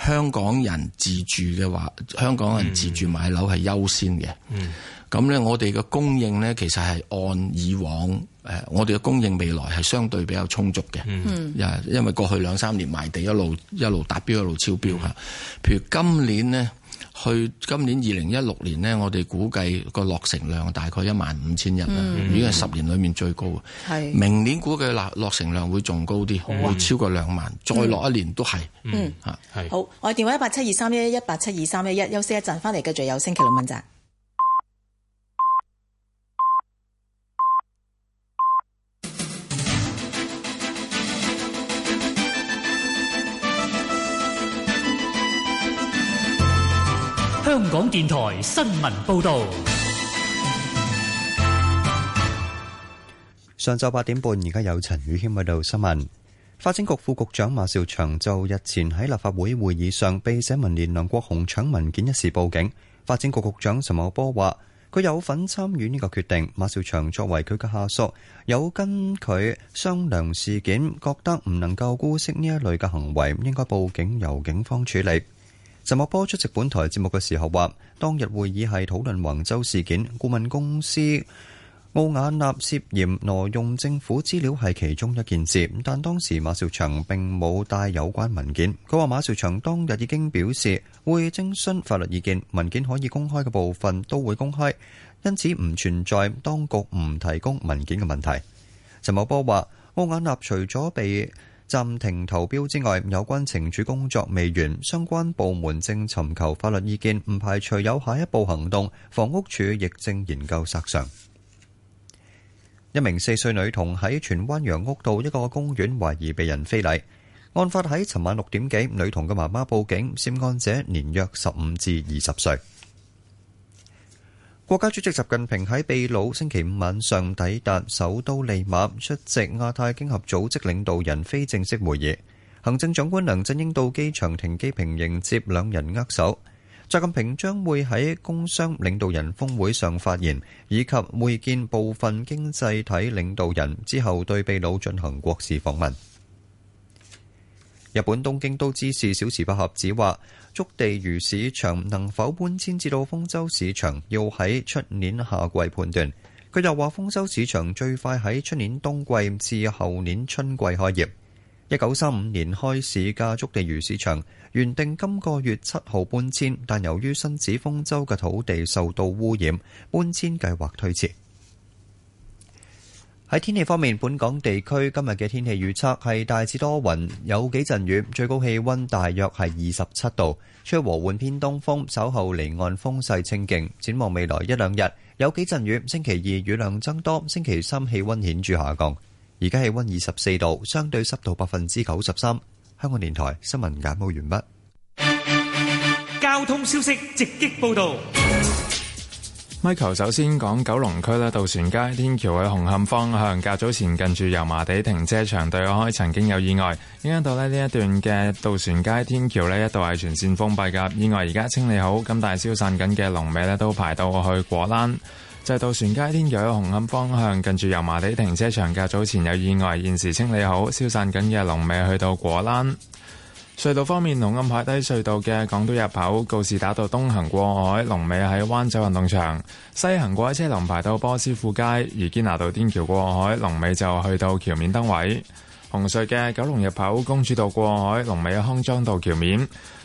香港人自住嘅話，香港人自住買樓係優先嘅。嗯嗯嗯咁呢，我哋嘅供應呢，其實係按以往誒，我哋嘅供應未來係相對比較充足嘅。嗯，嗯因為過去兩三年賣地一路一路達標一路超標嚇。嗯、譬如今年呢，去今年二零一六年呢，我哋估計個落成量大概一萬五千人已經係十年裡面最高是明年估計落成量會仲高啲，會超過兩萬，嗯、再落一年都係、嗯。嗯好，我電話一八七二三一一一八七二三一一，休息一陣，翻嚟繼續有星期六問責。香港電台新聞報道上晝八點半,而家有陳宇謙報道新聞。發展局副局長陳茂波出席本台節目嘅時候話，當日會議係討論橫洲事件，顧問公司奧雅納涉嫌挪用政府資料係其中一件事，但當時馬紹祥並冇帶有關文件。佢話馬紹祥當日已經表示會徵詢法律意見，文件可以公開嘅部分都會公開，因此唔存在當局唔提供文件嘅問題。陳茂波話，奧雅納除咗被暫停投標之外，有關懲處工作未完，相關部門正尋求法律意見，唔排除有下一步行動。房屋署亦正研究賠償。一名四歲女童喺荃灣楊屋道一個公園懷疑被人非禮，案發喺尋晚六點幾，女童嘅媽媽報警，涉案者年約十五至二十歲。國家主席習近平喺秘魯星期五晚上抵達首都利馬，出席亞太經合組織領導人非正式會議。行政長官梁振英到機場停機坪迎接兩人握手。習近平將會喺工商領導人峰會上發言，以及會見部分經濟體領導人之後，對秘魯進行國事訪問。日本東京都知事小池百合子話。築地魚市場能否搬遷至到豐州市場，要喺出年夏季判斷。佢又話：豐州市場最快喺出年冬季至後年春季開業。一九三五年開始加築地魚市場，原定今個月七號搬遷，但由於新址豐州嘅土地受到污染，搬遷計劃推遲。喺天氣方面，本港地區今日嘅天氣預測係大致多雲，有幾陣雨，最高氣溫大約係二十七度，吹和緩偏東風，稍後離岸風勢清勁。展望未來一兩日有幾陣雨，星期二雨量增多，星期三氣溫顯著下降。而家氣溫二十四度，相對濕度百分之九十三。香港電台新聞簡報完畢。交通消息直擊報道。Michael 首先講九龍區咧，渡船街天橋去紅磡方向，較早前近住油麻地停車場對我開曾經有意外，影響到咧呢一段嘅渡船街天橋咧一度係全線封閉噶，意外而家清理好，咁但係消散緊嘅龍尾咧都排到我去果欄，就係、是、渡船街天橋去紅磡方向近住油麻地停車場，較早前有意外，現時清理好，消散緊嘅龍尾去到果欄。隧道方面，龍暗排低隧道嘅港島入口告士打道東行過海，龍尾喺灣仔運動場；西行過海車龍排到波斯富街，而堅拿道天橋過海龍尾就去到橋面燈位。紅隧嘅九龍入口公主道過海，龍尾康莊道橋面；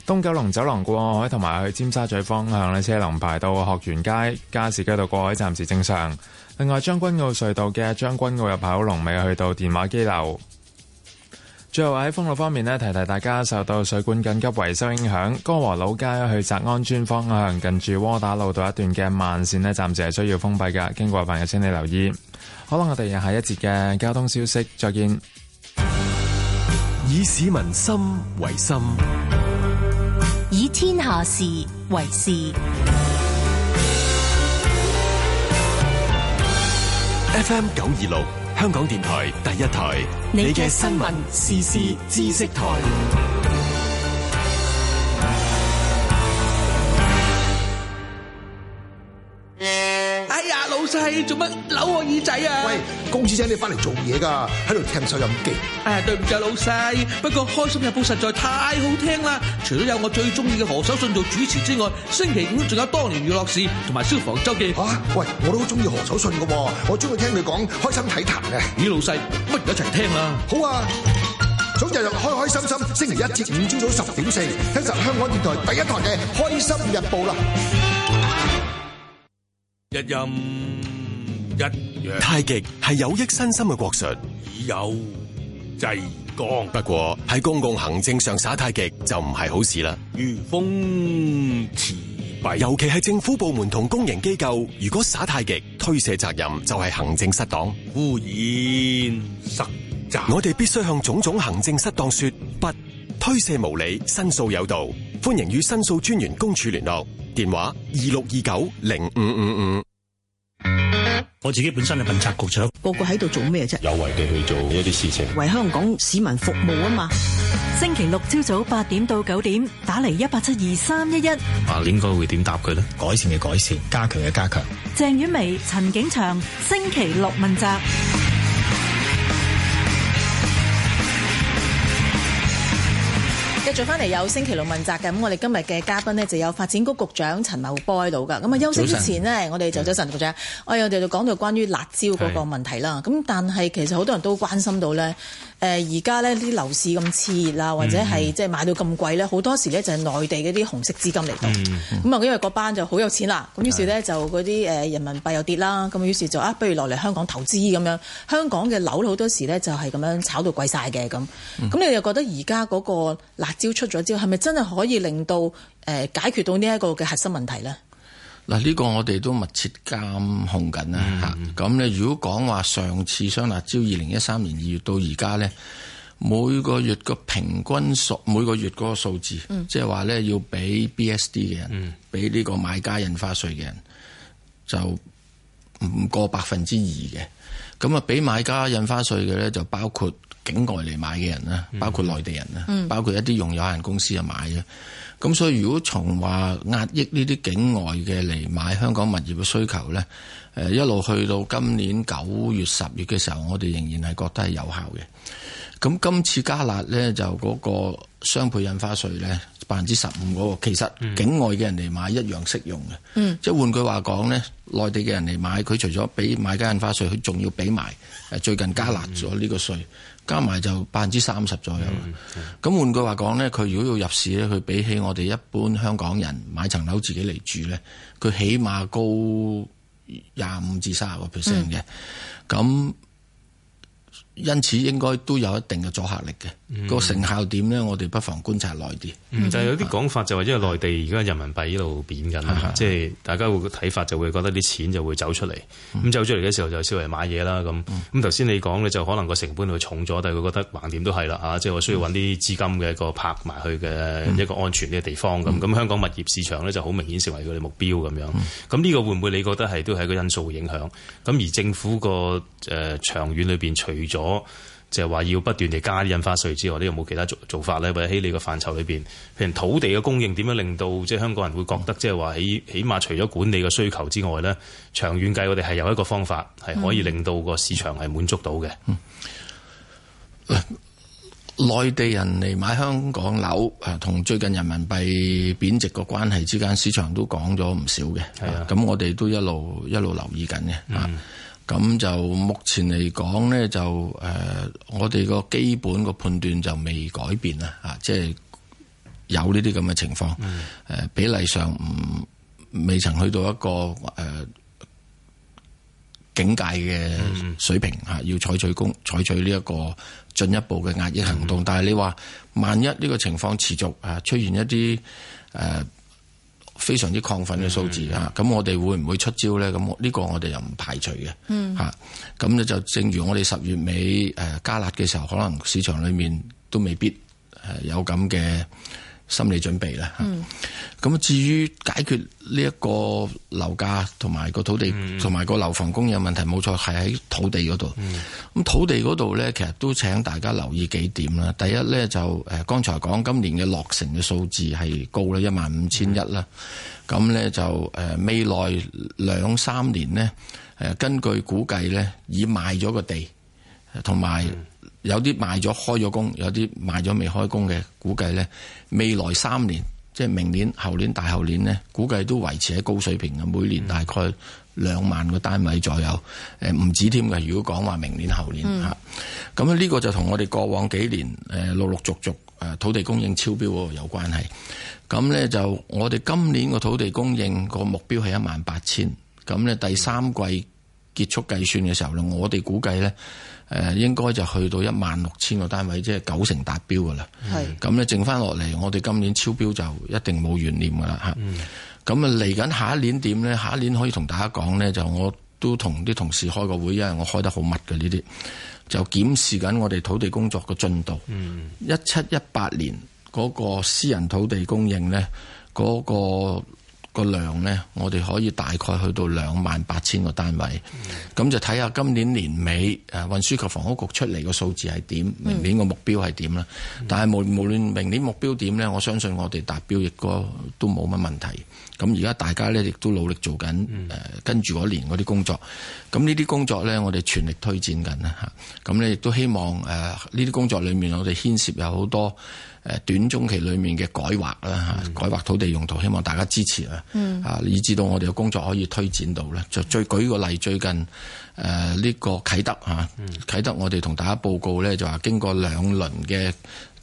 東九龍走廊過海同埋去尖沙咀方向咧，車龍排到鶴園街，加士居道過海，暫時正常。另外，將軍澳隧道嘅將軍澳入口龍尾去到電話機樓。最後喺封路方面呢，提提大家，受到水管緊急維修影響，歌和老街去澤安村方向，近住窩打老道一段嘅慢綫呢，暫時係需要封閉噶，經過朋友請你留意。好啦，我哋下一節嘅交通消息，再見。以市民心為心，以天下事為事。FM 九二六。香港電台第一台，你嘅新聞時事知識台。做乜扭我耳仔啊？喂，公子請你翻嚟做嘢噶，喺度聽收音機。唉，對唔住啊，老細，不過開心日報實在太好聽啦。除咗有我最中意嘅何守信做主持之外，星期五仲有多年娛樂事同埋消防周記。啊，喂，我都好中意何守信噶，我中意聽佢講開心睇壇嘅。咦，老細，不如一齊聽啦。好啊，早日日開開心心。星期一至五朝早十點四，4, 聽實香港電台第一台嘅開心日報啦。一陰一陽，太極係有益身心嘅國術，以柔制剛。不過喺公共行政上耍太極就唔係好事啦。如風遲滯，尤其係政府部門同公營機構，如果耍太極推卸責任，就係行政失當，污染失責。我哋必須向種種行政失當說不。推卸無理，申訴有道，歡迎與申訴專員公署聯絡，電話二六二九零五五五。我自己本身係問責局長，個個喺度做咩啫？有為地去做呢一啲事情，為香港市民服務啊嘛。星期六朝早八點到九點，打嚟一八七二三一一。啊，應該會點答佢咧？改善嘅改善，加強嘅加強。鄭婉薇、陳景祥，星期六問責。再翻嚟有星期六問責嘅。咁，我哋今日嘅嘉賓呢，就有發展局局長陳茂波喺度㗎。咁啊，休息之前呢，晨我哋就早是晨局長，我哋就講到關於辣招嗰個問題啦。咁是但係其實好多人都關心到呢。誒而家呢啲樓市咁熾熱啦，或者係即係買到咁貴呢，好、嗯、多時呢就係內地嗰啲紅色資金嚟到，咁啊、嗯嗯、因為嗰班就好有錢啦，咁、嗯、於是呢就嗰啲誒人民幣又跌啦，咁於是就啊不如落嚟香港投資咁樣，香港嘅樓好多時呢就係咁樣炒到貴晒嘅咁，咁、嗯、你又覺得而家嗰個辣招出咗之後，係咪真係可以令到誒、呃、解決到呢一個嘅核心問題呢？嗱呢個我哋都密切監控緊啦嚇，咁咧、嗯、如果講話上次雙辣招二零一三年二月到而家咧，每個月個平均數每個月嗰個數字，嗯、即係話咧要俾 B S D 嘅人，俾呢、嗯、個買家印花稅嘅人，就唔過百分之二嘅。咁啊，俾買家印花稅嘅咧就包括境外嚟買嘅人啦，嗯、包括內地人啦，嗯、包括一啲用有限公司啊買嘅。咁所以如果從話壓抑呢啲境外嘅嚟買香港物業嘅需求呢，誒一路去到今年九月十月嘅時候，我哋仍然係覺得係有效嘅。咁今次加辣呢，就嗰個雙倍印花稅呢，百分之十五嗰個，其實境外嘅人嚟買一樣適用嘅。嗯，即係換句話講呢，內地嘅人嚟買，佢除咗俾買家印花稅，佢仲要俾埋誒最近加辣咗呢個稅。加埋就百分之三十左右。咁、嗯、換句話講呢，佢如果要入市呢，佢比起我哋一般香港人買層樓自己嚟住呢，佢起碼高廿五至三十個 percent 嘅。咁因此應該都有一定嘅阻嚇力嘅，嗯、個成效點咧，我哋不妨觀察內地。就係、嗯、有啲講法就話因為內地而家人民幣呢度貶緊，即係是大家會睇法就會覺得啲錢就會走出嚟，咁、嗯、走出嚟嘅時候就稍微買嘢啦咁。咁頭先你講咧就可能個成本會重咗，但係佢覺得橫掂都係啦嚇，即係我需要揾啲資金嘅個拍埋去嘅一個安全嘅地方咁。咁香港物業市場咧就好明顯成為佢哋目標咁樣。咁呢、嗯、個會唔會你覺得係都係一個因素影響？咁而政府個誒長遠裏邊除除咗就係話要不斷地加印花稅之外，你有冇其他做做法咧？或者喺你個範疇裏邊，譬如土地嘅供應點樣令到即係香港人會覺得，即係話起起碼除咗管理嘅需求之外咧，長遠計我哋係有一個方法係可以令到個市場係滿足到嘅，嗯嗯。內地人嚟買香港樓，誒，同最近人民幣貶值個關係之間，市場都講咗唔少嘅。咁、啊啊、我哋都一路一路留意緊嘅。啊嗯咁就目前嚟講咧，就誒、呃、我哋個基本個判斷就未改變啦，嚇、啊，即係有呢啲咁嘅情況，誒、嗯呃、比例上唔未曾去到一個誒、呃、警戒嘅水平嚇、啊，要採取工採取呢一個進一步嘅壓抑行動。嗯、但係你話萬一呢個情況持續啊，出現一啲誒。呃非常之亢奮嘅數字、嗯、啊！咁我哋會唔會出招咧？咁、這、呢個我哋又唔排除嘅嚇。咁咧、嗯啊、就正如我哋十月尾誒、呃、加辣嘅時候，可能市場裡面都未必誒、呃、有咁嘅。心理準備啦，咁、嗯、至於解決呢一個樓價同埋個土地同埋個樓房供應問題，冇、嗯、錯，係喺土地嗰度。咁、嗯、土地嗰度咧，其實都請大家留意幾點啦。第一咧就誒，剛才講今年嘅落成嘅數字係高啦，一萬五千一啦。咁咧、嗯、就誒未來兩三年咧，誒根據估計咧，已買咗個地同埋。有啲賣咗開咗工，有啲賣咗未開工嘅，估計呢未來三年，即係明年、後年、大後年呢，估計都維持喺高水平嘅，每年大概兩萬個單位左右，唔止添嘅。如果講話明年、後年嚇，咁呢、嗯、個就同我哋過往幾年誒陸陸續續誒土地供應超標有關係。咁呢，就我哋今年個土地供應個目標係一萬八千，咁呢第三季結束計算嘅時候呢，我哋估計呢。誒應該就去到一萬六千個單位，即係九成達標嘅啦。係咁咧，剩翻落嚟，我哋今年超標就一定冇懸念嘅啦。嚇、嗯，咁啊嚟緊下一年點咧？下一年可以同大家講咧，就我都同啲同事開個會，因為我開得好密嘅呢啲就檢視緊我哋土地工作嘅進度。一七一八年嗰個私人土地供應咧，嗰個。個量呢，我哋可以大概去到兩萬八千個單位，咁、嗯、就睇下今年年尾誒、啊、運輸及房屋局出嚟嘅數字係點，嗯、明年個目標係點啦。嗯、但係無無論明年目標點呢，我相信我哋達標亦都冇乜問題。咁而家大家呢，亦都努力做緊誒、啊、跟住嗰年嗰啲工作，咁呢啲工作呢，我哋全力推進緊啦嚇。咁、啊、咧亦都希望誒呢啲工作裡面我哋牽涉有好多。誒短中期裏面嘅改劃啦嚇，嗯、改劃土地用途，希望大家支持啊！嗯、以至到我哋嘅工作可以推展到咧，嗯、就最舉個例最近誒呢、呃這個啟德嚇，啟、啊、德我哋同大家報告咧，就話經過兩輪嘅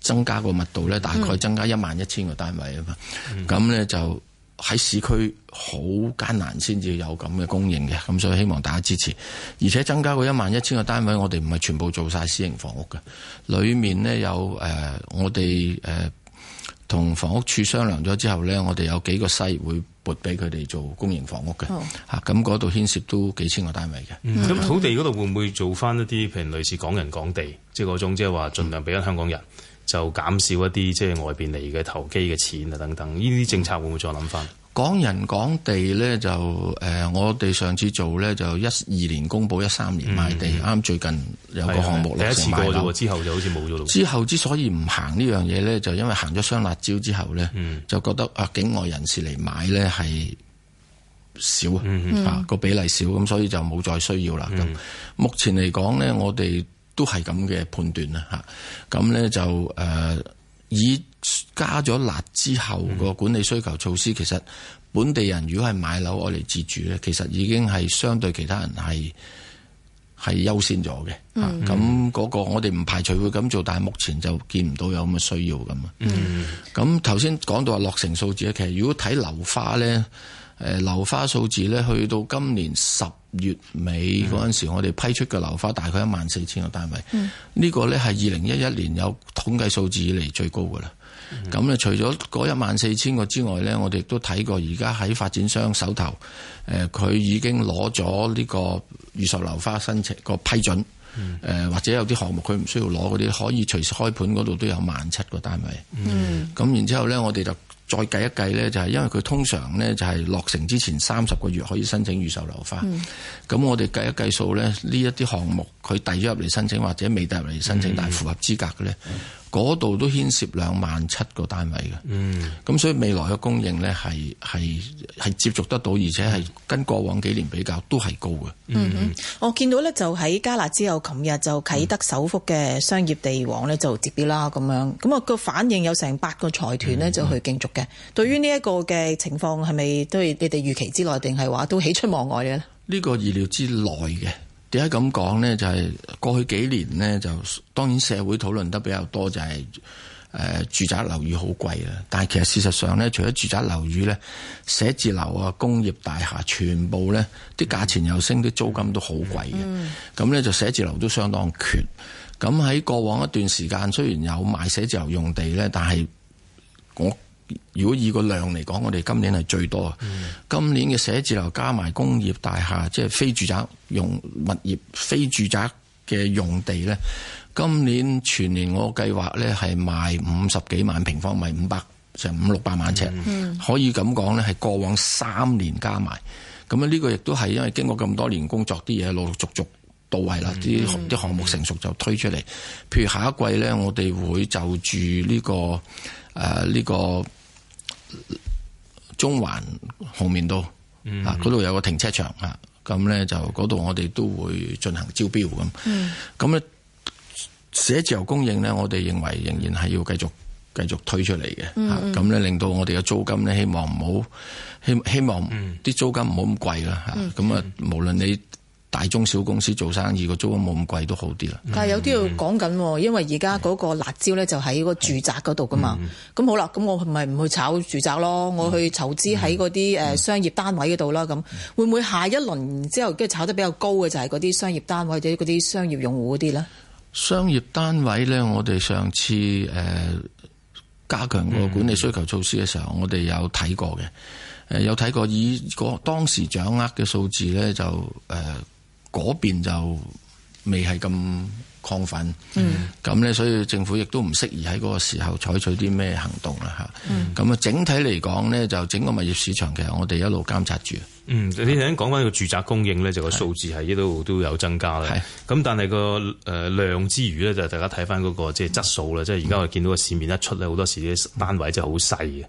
增加個密度咧，大概增加一萬一千個單位啊嘛，咁咧、嗯、就。喺市區好艱難先至有咁嘅供應嘅，咁所以希望大家支持。而且增加嗰一萬一千個單位，我哋唔係全部做晒私營房屋嘅，裡面呢，有、呃、誒，我哋誒同房屋處商量咗之後呢，我哋有幾個西會撥俾佢哋做公營房屋嘅，嚇、嗯。咁嗰度牽涉都幾千個單位嘅。咁、嗯嗯、土地嗰度會唔會做翻一啲，譬如類似港人港地，即係嗰種，即係話盡量俾翻香港人。嗯就減少一啲即係外邊嚟嘅投機嘅錢啊等等，呢啲政策會唔會再諗翻？港人港地咧就誒、呃，我哋上次做咧就一二年公佈一三年賣地，啱、嗯、最近有個項目陸續賣啦，買之後就好似冇咗之後，之所以唔行呢樣嘢咧，就因為行咗雙辣招之後咧，嗯、就覺得啊境外人士嚟買咧係少、嗯嗯、啊個比例少，咁所以就冇再需要啦。咁、嗯嗯、目前嚟講咧，我哋。我都係咁嘅判斷啦嚇，咁咧就誒以加咗辣之後個、嗯、管理需求措施，其實本地人如果係買樓愛嚟自住咧，其實已經係相對其他人係係優先咗嘅。咁、啊、嗰、嗯啊嗰個我哋唔排除會咁做，但係目前就見唔到有咁嘅需要咁啊。咁頭先講到話落成數字咧，其實如果睇樓花咧。誒樓、呃、花數字咧，去到今年十月尾嗰陣時，mm. 我哋批出嘅樓花大概一萬四千個單位，mm. 個呢個咧係二零一一年有統計數字以嚟最高㗎啦。咁咧、mm.，除咗嗰一萬四千個之外咧，我哋都睇過，而家喺發展商手頭，誒、呃、佢已經攞咗呢個預售樓花申請、這個批准，誒、mm. 呃、或者有啲項目佢唔需要攞嗰啲，可以隨時開盤嗰度都有萬七個單位。咁、mm. mm. 然之後咧，我哋就。再計一計呢，就係、是、因為佢通常呢，就係落成之前三十個月可以申請預售樓花。咁、嗯、我哋計一計數呢，呢一啲項目佢遞咗入嚟申請或者未遞入嚟申請，嗯、但係符合資格嘅呢。嗯嗰度都牽涉兩萬七個單位嘅，咁、嗯、所以未來嘅供應呢係係係接續得到，而且係跟過往幾年比較都係高嘅。嗯，嗯我見到呢就喺加辣之後，琴日就啟德首幅嘅商業地王呢就截標啦咁樣，咁、那、啊個反應有成八個財團呢就去競逐嘅。嗯嗯、對於呢一個嘅情況係咪都係你哋預期之內，定係話都喜出望外呢？呢個意料之內嘅。點解咁講呢？就係過去幾年呢，就當然社會討論得比較多，就係誒住宅樓宇好貴啦。但係其實事實上呢，除咗住宅樓宇呢，寫字樓啊、工業大廈，全部呢啲價錢又升，啲租金都好貴嘅。嗯，咁呢，就寫字樓都相當缺。咁喺過往一段時間，雖然有賣寫字樓用地呢，但係我，如果以個量嚟講，我哋今年係最多。嗯、今年嘅寫字樓加埋工業大廈，即係非住宅用物業、非住宅嘅用地呢，今年全年我計劃呢係賣五十幾萬平方米，五百成五六百萬尺，嗯、可以咁講呢，係過往三年加埋。咁啊，呢個亦都係因為經過咁多年工作，啲嘢陸陸續續到位啦，啲啲項目成熟就推出嚟。譬如下一季呢，我哋會就住呢個誒呢個。嗯啊這個中環紅棉道、mm hmm. 啊，嗰度有個停車場啊，咁咧就嗰度我哋都會進行招標咁，咁咧寫字樓供應咧，我哋認為仍然係要繼續繼續推出嚟嘅，咁、啊、咧、啊啊啊啊啊、令到我哋嘅租金咧，希望唔好希希望啲租金唔好咁貴啦，吓咁啊，啊啊 mm hmm. 無論你。大中小公司做生意個租金冇咁貴，都好啲啦。但係有啲要講緊，因為而家嗰個辣招咧就喺個住宅嗰度噶嘛。咁的好啦，咁我咪唔去炒住宅咯，我去投資喺嗰啲誒商業單位嗰度啦。咁會唔會下一輪之後跟住炒得比較高嘅就係嗰啲商業單位或者嗰啲商業用戶嗰啲咧？商業單位咧，我哋上次誒、呃、加強個管理需求措施嘅時候，嗯、我哋有睇過嘅。誒，有睇過以個當時掌握嘅數字咧，就誒。呃嗰邊就未係咁亢奮，噉呢、嗯、所以政府亦都唔適宜喺嗰個時候採取啲咩行動啦嚇。咁啊、嗯，整體嚟講呢，就整個物業市場其實我哋一路監察住。嗯，你頭先講緊個住宅供應咧，就個數字係呢度都有增加咧。咁但係個誒量之餘咧，就大家睇翻嗰個即係質素咧。即係而家我見到個市面一出咧，好多時啲單位真係好細嘅，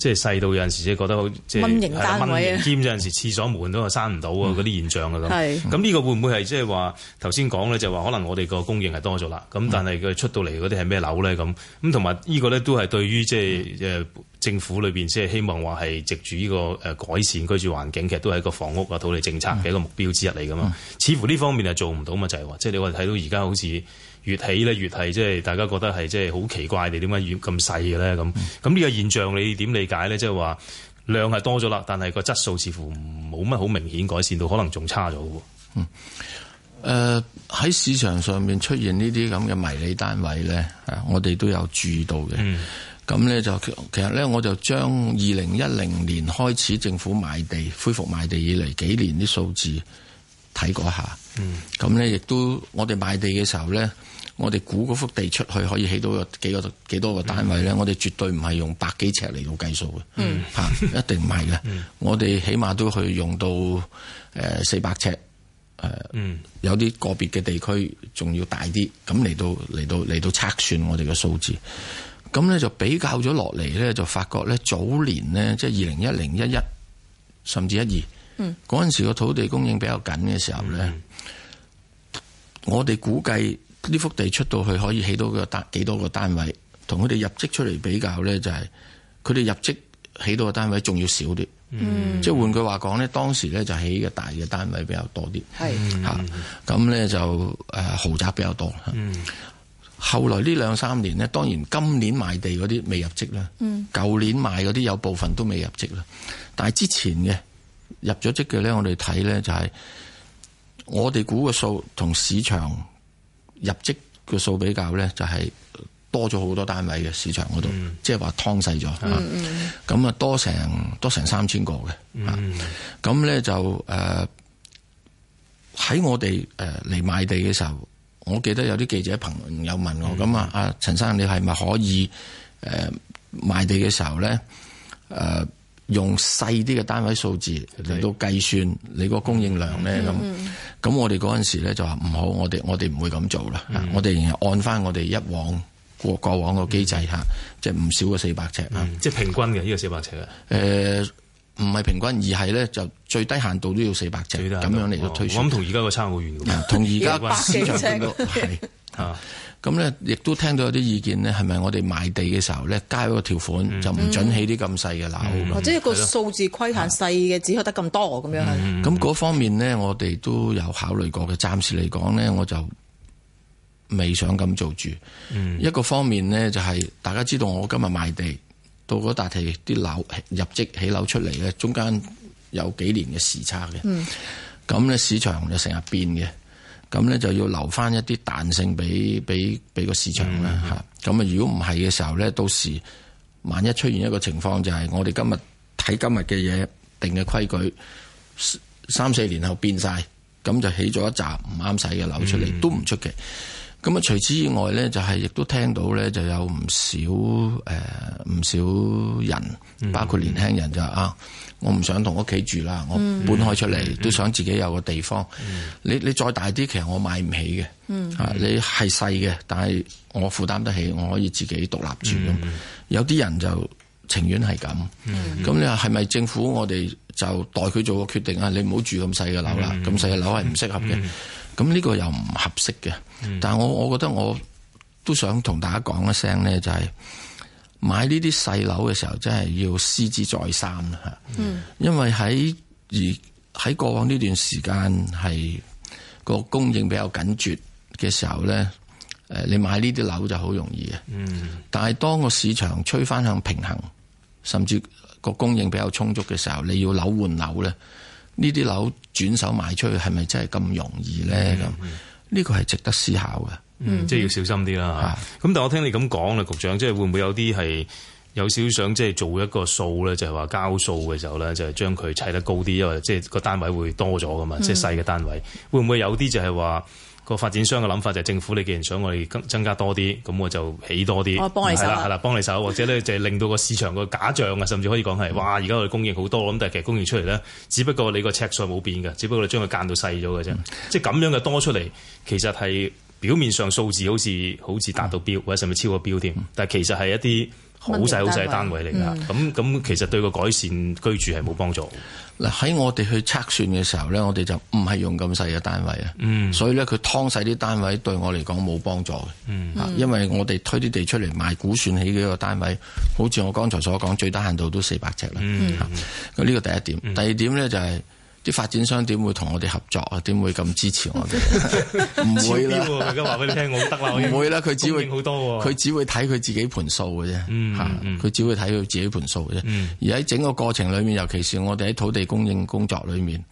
即係細到有陣時即係覺得即係蚊型單位，兼有陣時廁所門都係閂唔到啊嗰啲現象啊咁。咁呢個會唔會係即係話頭先講咧？就話可能我哋個供應係多咗啦。咁但係佢出到嚟嗰啲係咩樓咧？咁咁同埋呢個咧都係對於即係誒。政府裏邊即係希望話係藉住呢個誒改善居住環境，其實都係一個房屋啊土地政策嘅一個目標之一嚟噶嘛。嗯、似乎呢方面係做唔到嘛，就係話即係你話睇到而家好似越起咧越係即係大家覺得係即係好奇怪，你點解越咁細嘅咧咁。咁呢、嗯、個現象你點理解咧？即係話量係多咗啦，但係個質素似乎冇乜好明顯改善到，可能仲差咗嘅。誒喺、嗯呃、市場上面出現呢啲咁嘅迷你單位咧，啊，我哋都有注意到嘅。嗯咁咧就其實咧，我就將二零一零年開始政府賣地、恢復賣地以嚟幾年啲數字睇過下。咁咧亦都我哋賣地嘅時候咧，我哋估嗰幅地出去可以起到個幾個幾多個單位咧，嗯、我哋絕對唔係用百幾尺嚟到計數嘅。嚇、嗯啊，一定唔係嘅。嗯、我哋起碼都去用到誒四百尺。誒、呃，嗯、有啲個別嘅地區仲要大啲，咁嚟到嚟到嚟到，到，到，到測算我哋嘅數字。咁咧就比較咗落嚟咧，就發覺咧早年咧，即係二零一零一一甚至一二，嗰陣時個土地供應比較緊嘅時候咧，嗯、我哋估計呢幅地出到去可以起到個單幾多個單位，同佢哋入職出嚟比較咧，就係佢哋入職起到個單位仲要少啲。嗯、即係換句話講咧，當時咧就起嘅大嘅單位比較多啲，嚇、咁咧就誒豪宅比較多。嗯後來呢，兩三年呢，當然今年賣地嗰啲未入則啦，舊、嗯、年賣嗰啲有部分都未入則啦。但係之前嘅入咗則嘅咧，我哋睇咧就係我哋估嘅數同市場入則嘅數比較咧，就係多咗好多單位嘅市場嗰度，嗯、即係話劏細咗啊！咁啊多成多成三千個嘅，咁咧就誒喺我哋誒嚟賣地嘅時候。我記得有啲記者朋友問我，咁、嗯、啊，阿陳生你係咪可以誒、呃、賣地嘅時候咧誒、呃、用細啲嘅單位數字嚟到計算你個供應量咧？咁咁我哋嗰陣時咧就話唔好，我哋我哋唔會咁做啦。我哋仍然按翻我哋以往過過往個機制吓，即係唔少過四百尺即係平均嘅呢、這個四百尺嘅。誒、嗯。嗯唔係平均，而係咧就最低限度都要四百呎咁樣嚟到推算。我諗同而家個差好遠。同而家市場變咁咧，亦都聽到有啲意見呢，係咪我哋賣地嘅時候咧加咗個條款，就唔准起啲咁細嘅樓，或者個數字規限細嘅，只可得咁多咁樣。咁嗰方面呢，我哋都有考慮過嘅。暫時嚟講呢，我就未想咁做住。一個方面呢，就係大家知道我今日賣地。到嗰笪地啲樓入職起樓出嚟咧，中間有幾年嘅時差嘅。咁咧、嗯、市場就成日變嘅，咁咧就要留翻一啲彈性俾俾俾個市場啦嚇。咁啊、嗯嗯，如果唔係嘅時候咧，到時萬一出現一個情況就，就係我哋今日睇今日嘅嘢定嘅規矩，三四年後變晒，咁就起咗一紮唔啱使嘅樓出嚟，嗯嗯都唔出奇。咁啊！除此之外咧，就係亦都聽到咧，就有唔少誒唔少人，包括年輕人就啊，我唔想同屋企住啦，我搬開出嚟，都想自己有個地方。你你再大啲，其實我買唔起嘅。啊，你係細嘅，但係我負擔得起，我可以自己獨立住。有啲人就情願係咁。咁你話係咪政府我哋就代佢做個決定啊？你唔好住咁細嘅樓啦，咁細嘅樓係唔適合嘅。咁呢個又唔合適嘅，嗯、但係我我覺得我都想同大家講一聲呢，就係、是、買呢啲細樓嘅時候，真係要思之再三啦、嗯、因為喺而喺過往呢段時間係個供應比較緊絀嘅時候呢，誒你買呢啲樓就好容易嘅。嗯、但係當個市場趨返向平衡，甚至個供應比較充足嘅時候，你要樓換樓呢。呢啲樓轉手賣出去係咪真係咁容易咧？咁呢個係值得思考嘅，嗯，即係要小心啲啦吓。咁，嗯，但我聽你咁講咧，局長，即係會唔會有啲係有少少想即係做一個數咧，就係話交數嘅時候咧，就係將佢砌得高啲，因為即係個單位會多咗㗎嘛，即係細嘅單位，嗯，會唔會有啲就係話？個發展商嘅諗法就係政府，你既然想我哋增加多啲，咁我就起多啲，幫你，係啦係啦，幫你手，或者咧就係令到個市場個假象啊，甚至可以講係，哇！而家我哋供應好多，咁但係其實供應出嚟咧，只不過你個尺數冇變嘅，只不過你將佢間到細咗嘅啫。嗯、即係咁樣嘅多出嚟，其實係表面上數字好似好似達到標，嗯、或者甚至超過標添。但係其實係一啲。好細好細嘅單位嚟噶，咁咁、嗯、其實對個改善居住係冇幫助。嗱，喺我哋去測算嘅時候咧，我哋就唔係用咁細嘅單位啊，嗯，所以咧佢劏細啲單位對我嚟講冇幫助嘅，嗯，因為我哋推啲地出嚟賣，估算起嘅一個單位，好似我剛才所講，最低限度都四百尺啦，嗯，咁呢個第一點，第二點咧就係、是。啲發展商點會同我哋合作啊？點會咁支持我哋？唔會啦，大家話俾你聽，我得啦，唔會啦，佢只會睇佢自己盤數嘅啫，嚇，佢只會睇佢自己盤數嘅啫。而喺整個過程裡面，尤其是我哋喺土地供應工作裡面，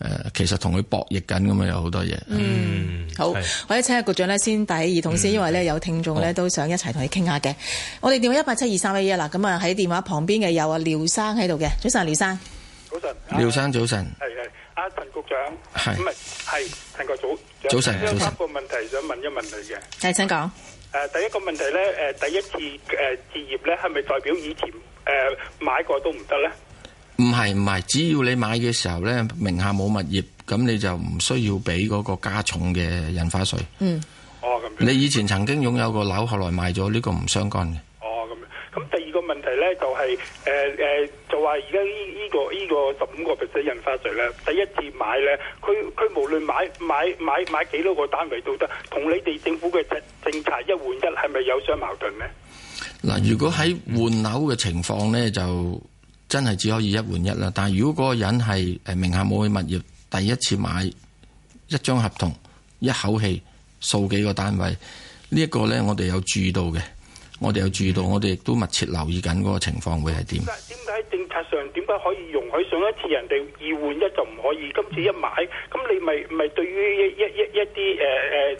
誒，其實同佢博弈緊咁樣，有好多嘢。嗯，好，我哋請下局長呢先帶起耳筒先，因為呢有聽眾呢都想一齊同你傾下嘅。我哋電話一八七二三一一啦，咁啊喺電話旁邊嘅有啊廖生喺度嘅，早晨，廖生。早晨，廖生早晨。係係，阿陳局長，係唔係？係陳局早。早晨，早晨。有一個問題想問一問你嘅。係，請講。誒，第一個問題咧，誒，第一次誒置業咧，係咪代表以前誒買過都唔得咧？唔係唔係，只要你買嘅時候咧，名下冇物業，咁你就唔需要俾嗰個加重嘅印花稅。嗯。哦，咁。你以前曾經擁有個樓，後來賣咗呢個唔相干嘅。哦，咁樣。咁第二。咧就係誒誒，就話而家呢依個依個十五個 percent 印花稅咧，第一次買咧，佢佢無論買買買買幾多個單位都得，同你哋政府嘅政策一換一，係咪有相矛盾呢？嗱，如果喺換樓嘅情況咧，就真係只可以一換一啦。但係如果嗰個人係誒名下冇嘅物業，第一次買一張合同一口氣數幾個單位，呢一個咧，我哋有注意到嘅。我哋有注意到，我哋亦都密切留意緊嗰個情況會係點？點解政策上點解可以容許上一次人哋二換一就唔可以？今次一買？咁你咪咪對於一一一啲誒誒。Uh, uh,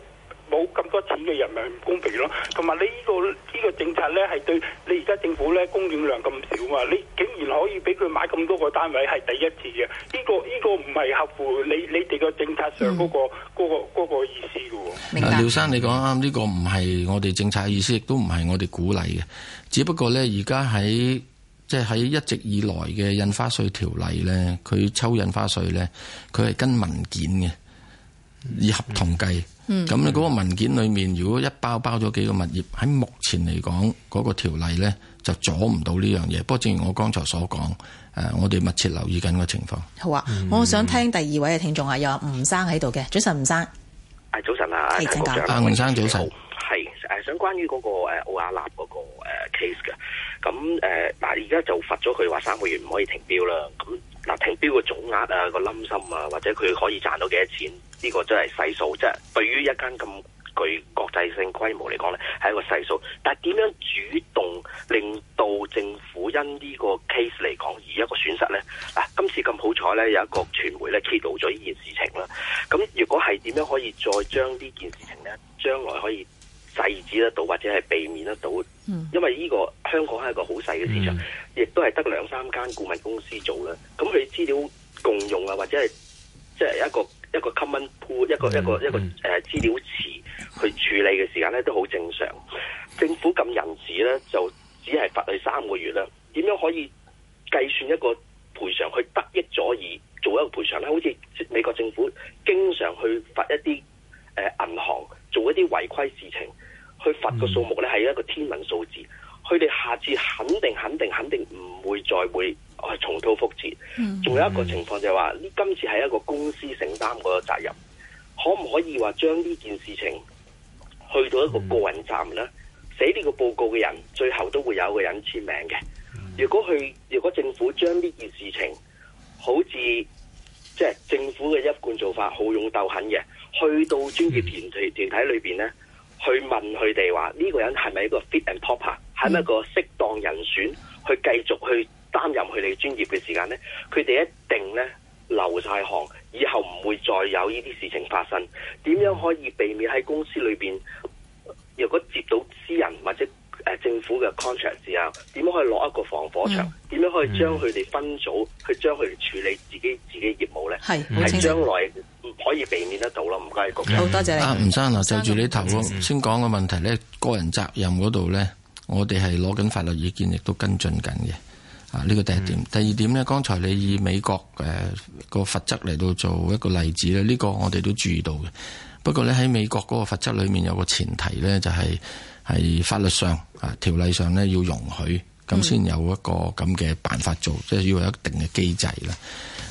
冇咁多錢嘅人咪唔公平咯，同埋你依個依個政策呢，係對你而家政府呢供應量咁少嘛，你竟然可以俾佢買咁多個單位係第一次嘅，呢個呢個唔係合乎你你哋個政策上嗰個嗰個、嗯、嗰個意思嘅喎。明白廖生你講啱，呢個唔係我哋政策嘅意思，亦都唔係我哋鼓勵嘅，只不過呢，而家喺即係喺一直以來嘅印花稅條例呢，佢抽印花稅呢，佢係跟文件嘅以合同計。嗯咁、嗯、你嗰個文件裏面，如果一包包咗幾個物業，喺目前嚟講，嗰、嗰個條例咧就阻唔到呢樣嘢。不過，正如我剛才所講，誒、呃，我哋密切留意緊個情況。好啊，嗯、我想聽第二位嘅聽眾啊，有吳生喺度嘅，早晨吳生。誒，早晨啊，吳生早晨。係誒上，想關於嗰個誒奧亞納嗰個誒 case 噶。咁誒，嗱而家就罰咗佢話三個月唔可以停標啦。咁嗱，停標嘅總額啊，個冧心啊，或者佢可以賺到幾多錢？呢個真係細數啫。即係、對於一間咁具國際性規模嚟講呢，係一個細數。但點樣主動令到政府因呢個 case 嚟講而一個損失呢？嗱、啊，今次咁好彩呢，有一個傳媒呢，揭露咗呢件事情啦。咁如果係點樣可以再將呢件事情呢，將來可以制止得到或者係避免得到？嗯、因為呢、呢個香港係一個好細嘅市場，嗯、亦都係得兩三間顧問公司做啦。咁佢資料共用啊，或者係即係一個。一個 common pool, 一個一個一個誒資料池去處理嘅時間咧都好正常。政府咁仁慈咧就只係罰佢三個月啦。點樣可以計算一個賠償？佢得益咗而做一個賠償咧，好似美國政府經常去罰一啲誒、呃、銀行做一啲違規事情，去罰個數目咧係一個天文數字。佢哋下次肯定肯定肯定唔會再會。我重蹈覆轍，仲有一個情況就係話呢今次係一個公司承擔個責任，嗯、可唔可以話將呢件事情去到一個個人站咧？寫呢、嗯、個報告嘅人最後都會有個人簽名嘅。嗯、如果佢，如果政府將呢件事情，好似即係政府嘅一貫做法，好勇鬥狠嘅，去到專業團團、嗯、團體裏邊咧，去問佢哋話呢個人係咪一個 fit and proper，係咪一個適當人選去繼續去？擔任佢哋嘅專業嘅時間，呢佢哋一定呢留晒行，以後唔會再有呢啲事情發生。點樣可以避免喺公司裏邊？如果接到私人或者政府嘅 contract 啊，點樣可以攞一個防火牆？點、嗯、樣可以將佢哋分組、嗯、去將佢哋處理自己自己業務呢？係，係將來唔可以避免得到咯。唔該，你局好多謝，謝你啊，吳生啊，就住你頭先，先講嘅問題呢，個人責任嗰度呢，我哋係攞緊法律意見，亦都跟進緊嘅。啊！呢個第一點，第二點呢，剛才你以美國誒個法則嚟到做一個例子咧，呢、呢個我哋都注意到嘅。不過呢，喺美國嗰個法則裏面有個前提呢、就是，就係係法律上啊條例上呢，要容許，咁先有一個咁嘅辦法做，嗯、即係要有一定嘅機制啦。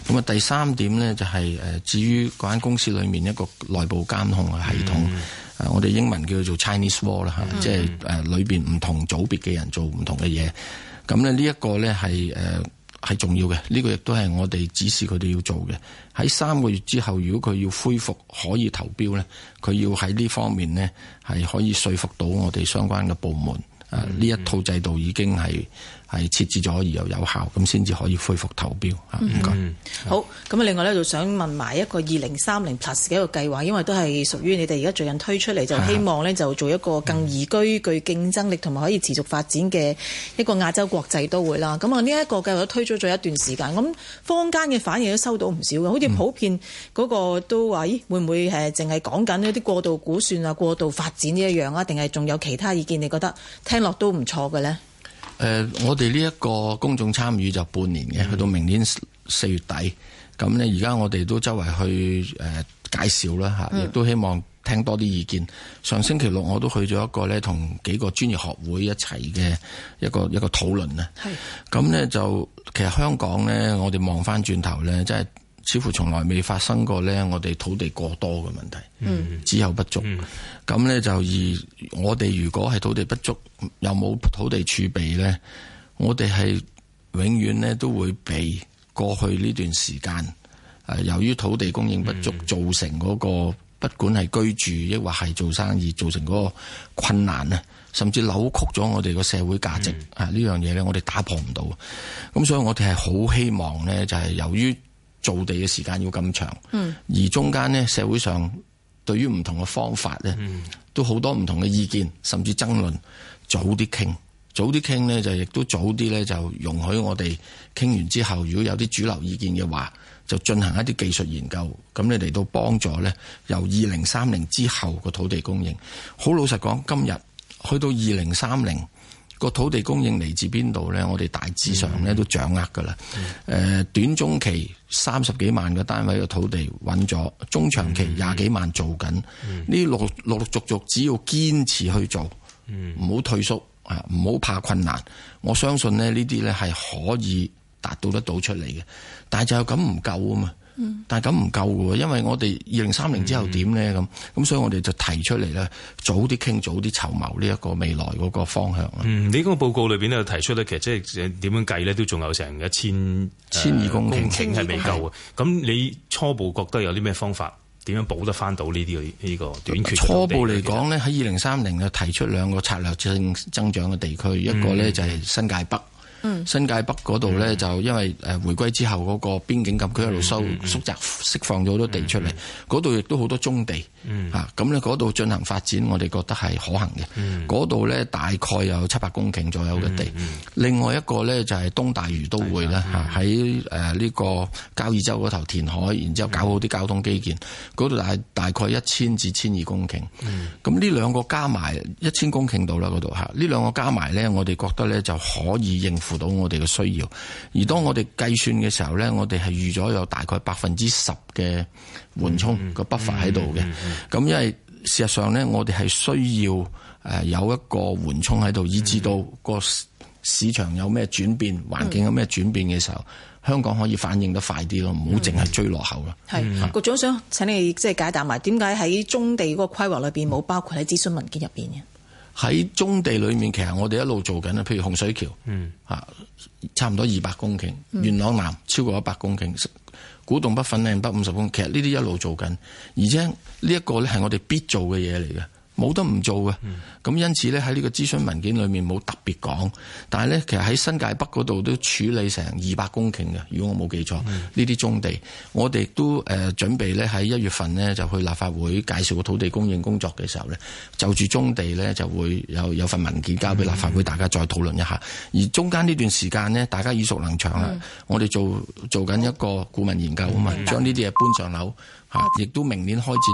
咁啊，第三點呢，就係、是、誒，至於嗰間公司裏面一個內部監控嘅系統，嗯、啊，我哋英文叫做 Chinese Wall 啦、嗯、即係誒裏邊唔同組別嘅人做唔同嘅嘢。咁咧呢一個呢係誒係重要嘅，呢、這個亦都係我哋指示佢哋要做嘅。喺三個月之後，如果佢要恢復可以投標呢，佢要喺呢方面呢係可以說服到我哋相關嘅部門。誒、嗯嗯，呢一套制度已經係。係設置咗而又有效，咁先至可以恢復投標嚇。唔該、嗯。好咁啊！嗯、另外咧，就想問埋一,一個二零三零 Plus 嘅一個計劃，因為都係屬於你哋而家最近推出嚟，就希望咧就做一個更宜居、具競爭力同埋可以持續發展嘅一個亞洲國際都會啦。咁、嗯、啊，呢一、嗯、個計劃都推出咗一段時間，咁坊間嘅反應都收到唔少嘅，好似普遍嗰個都話：咦，會唔會誒淨係講緊呢啲過度估算啊、過度發展呢一樣啊？定係仲有其他意見？你覺得聽落都唔錯嘅呢？誒，uh, 我哋呢一個公眾參與就半年嘅，去到明年四月底。咁呢、嗯，而家我哋都周圍去誒、呃、介紹啦嚇，亦都希望聽多啲意見。上星期六我都去咗一個呢，同幾個專業學會一齊嘅一個一個討論啊。咁呢是就其實香港呢，我哋望翻轉頭呢，即係。似乎從來未發生過呢，我哋土地過多嘅問題，只有、mm hmm. 不足。咁呢、mm，就二，我哋如果係土地不足，又冇土地儲備呢？我哋係永遠呢都會俾過去呢段時間誒，由於土地供應不足、mm hmm. 造成嗰、嗰個，不管係居住亦或係做生意造成嗰個困難啊，甚至扭曲咗我哋個社會價值啊呢樣嘢呢，mm hmm. 我哋打破唔到。咁所以我哋係好希望呢，就係由於。造地嘅時間要咁長，嗯、而中間呢社會上對於唔同嘅方法呢，都好多唔同嘅意見，甚至爭論，早啲傾，早啲傾呢，就亦都早啲呢，就容許我哋傾完之後，如果有啲主流意見嘅話，就進行一啲技術研究，咁你嚟到幫助呢由二零三零之後個土地供應，好老實講，今日去到二零三零。個土地供應嚟自邊度咧？我哋大致上咧都掌握噶啦。誒，短中期三十幾萬嘅單位嘅土地搵咗，中長期廿幾萬做緊。呢陸陸陸續續，只要堅持去做，唔好退縮啊！唔好怕困難，我相信咧呢啲咧係可以達到得到出嚟嘅。但係就咁唔夠啊嘛～嗯、但係咁唔夠嘅，因為我哋二零三零之後點呢？咁、嗯，咁所以我哋就提出嚟咧，早啲傾，早啲籌謀呢一個未來嗰個方向。嗯，你嗰個報告裏邊咧，提出咧，其實即係點樣計咧，都仲有成一千、啊、千二個公頃係未夠嘅。咁你初步覺得有啲咩方法，點樣補得翻到呢啲呢個短缺？初步嚟講呢，喺二零三零啊，提出兩個策略性增長嘅地區，嗯、一個呢就係新界北。新界北嗰度咧，就因為誒回歸之後嗰個邊境禁區一路收縮窄， 釋放咗好多地出嚟。度亦都好多棕地嚇，咁咧嗰度進行發展，我哋覺得係可行嘅。嗰度咧大概有七百公頃左右嘅地。 另外一個咧就係東大嶼都會啦，喺誒呢個交椅洲嗰頭填海，然之後搞好啲交通基建。度大大概一千至千二公頃。咁呢兩個加埋一千公頃到啦，度吓呢兩個加埋咧，我哋覺得咧就可以應付到我哋嘅需要，而當我哋計算嘅時候咧，我哋係預咗有大概百分之十嘅緩衝個 buffer 喺度嘅。咁、er mm hmm. mm hmm. 因為事實上咧，我哋係需要誒有一個緩衝喺度，以至到個市場有咩轉變、環境有咩轉變嘅時候，mm hmm. 香港可以反應得快啲咯，唔好淨係追落後咯。係、mm hmm. 局長想請你即係解答埋點解喺中地嗰個規劃裏邊冇包括喺諮詢文件入邊嘅。喺棕地裏面，其實我哋一路做緊啦，譬如洪水橋，嚇，mm. 差唔多二百公頃，元朗南超過一百公頃，古洞北粉嶺北五十公頃，其實呢啲一路做緊，而且呢一個咧係我哋必做嘅嘢嚟嘅。冇得唔做嘅，咁、嗯、因此咧喺呢個諮詢文件裏面冇特別講，但係咧其實喺新界北嗰度都處理成二百公頃嘅，如果我冇記錯，呢啲棕地，我哋都誒準備咧喺一月份咧就去立法會介紹個土地供應工作嘅時候咧，就住棕地咧就會有有份文件交俾立法會大家再討論一下，嗯、而中間呢段時間呢，大家耳熟能詳啦，嗯、我哋做做緊一個顧問研究啊嘛，將呢啲嘢搬上樓，吓、嗯，亦都明年開展。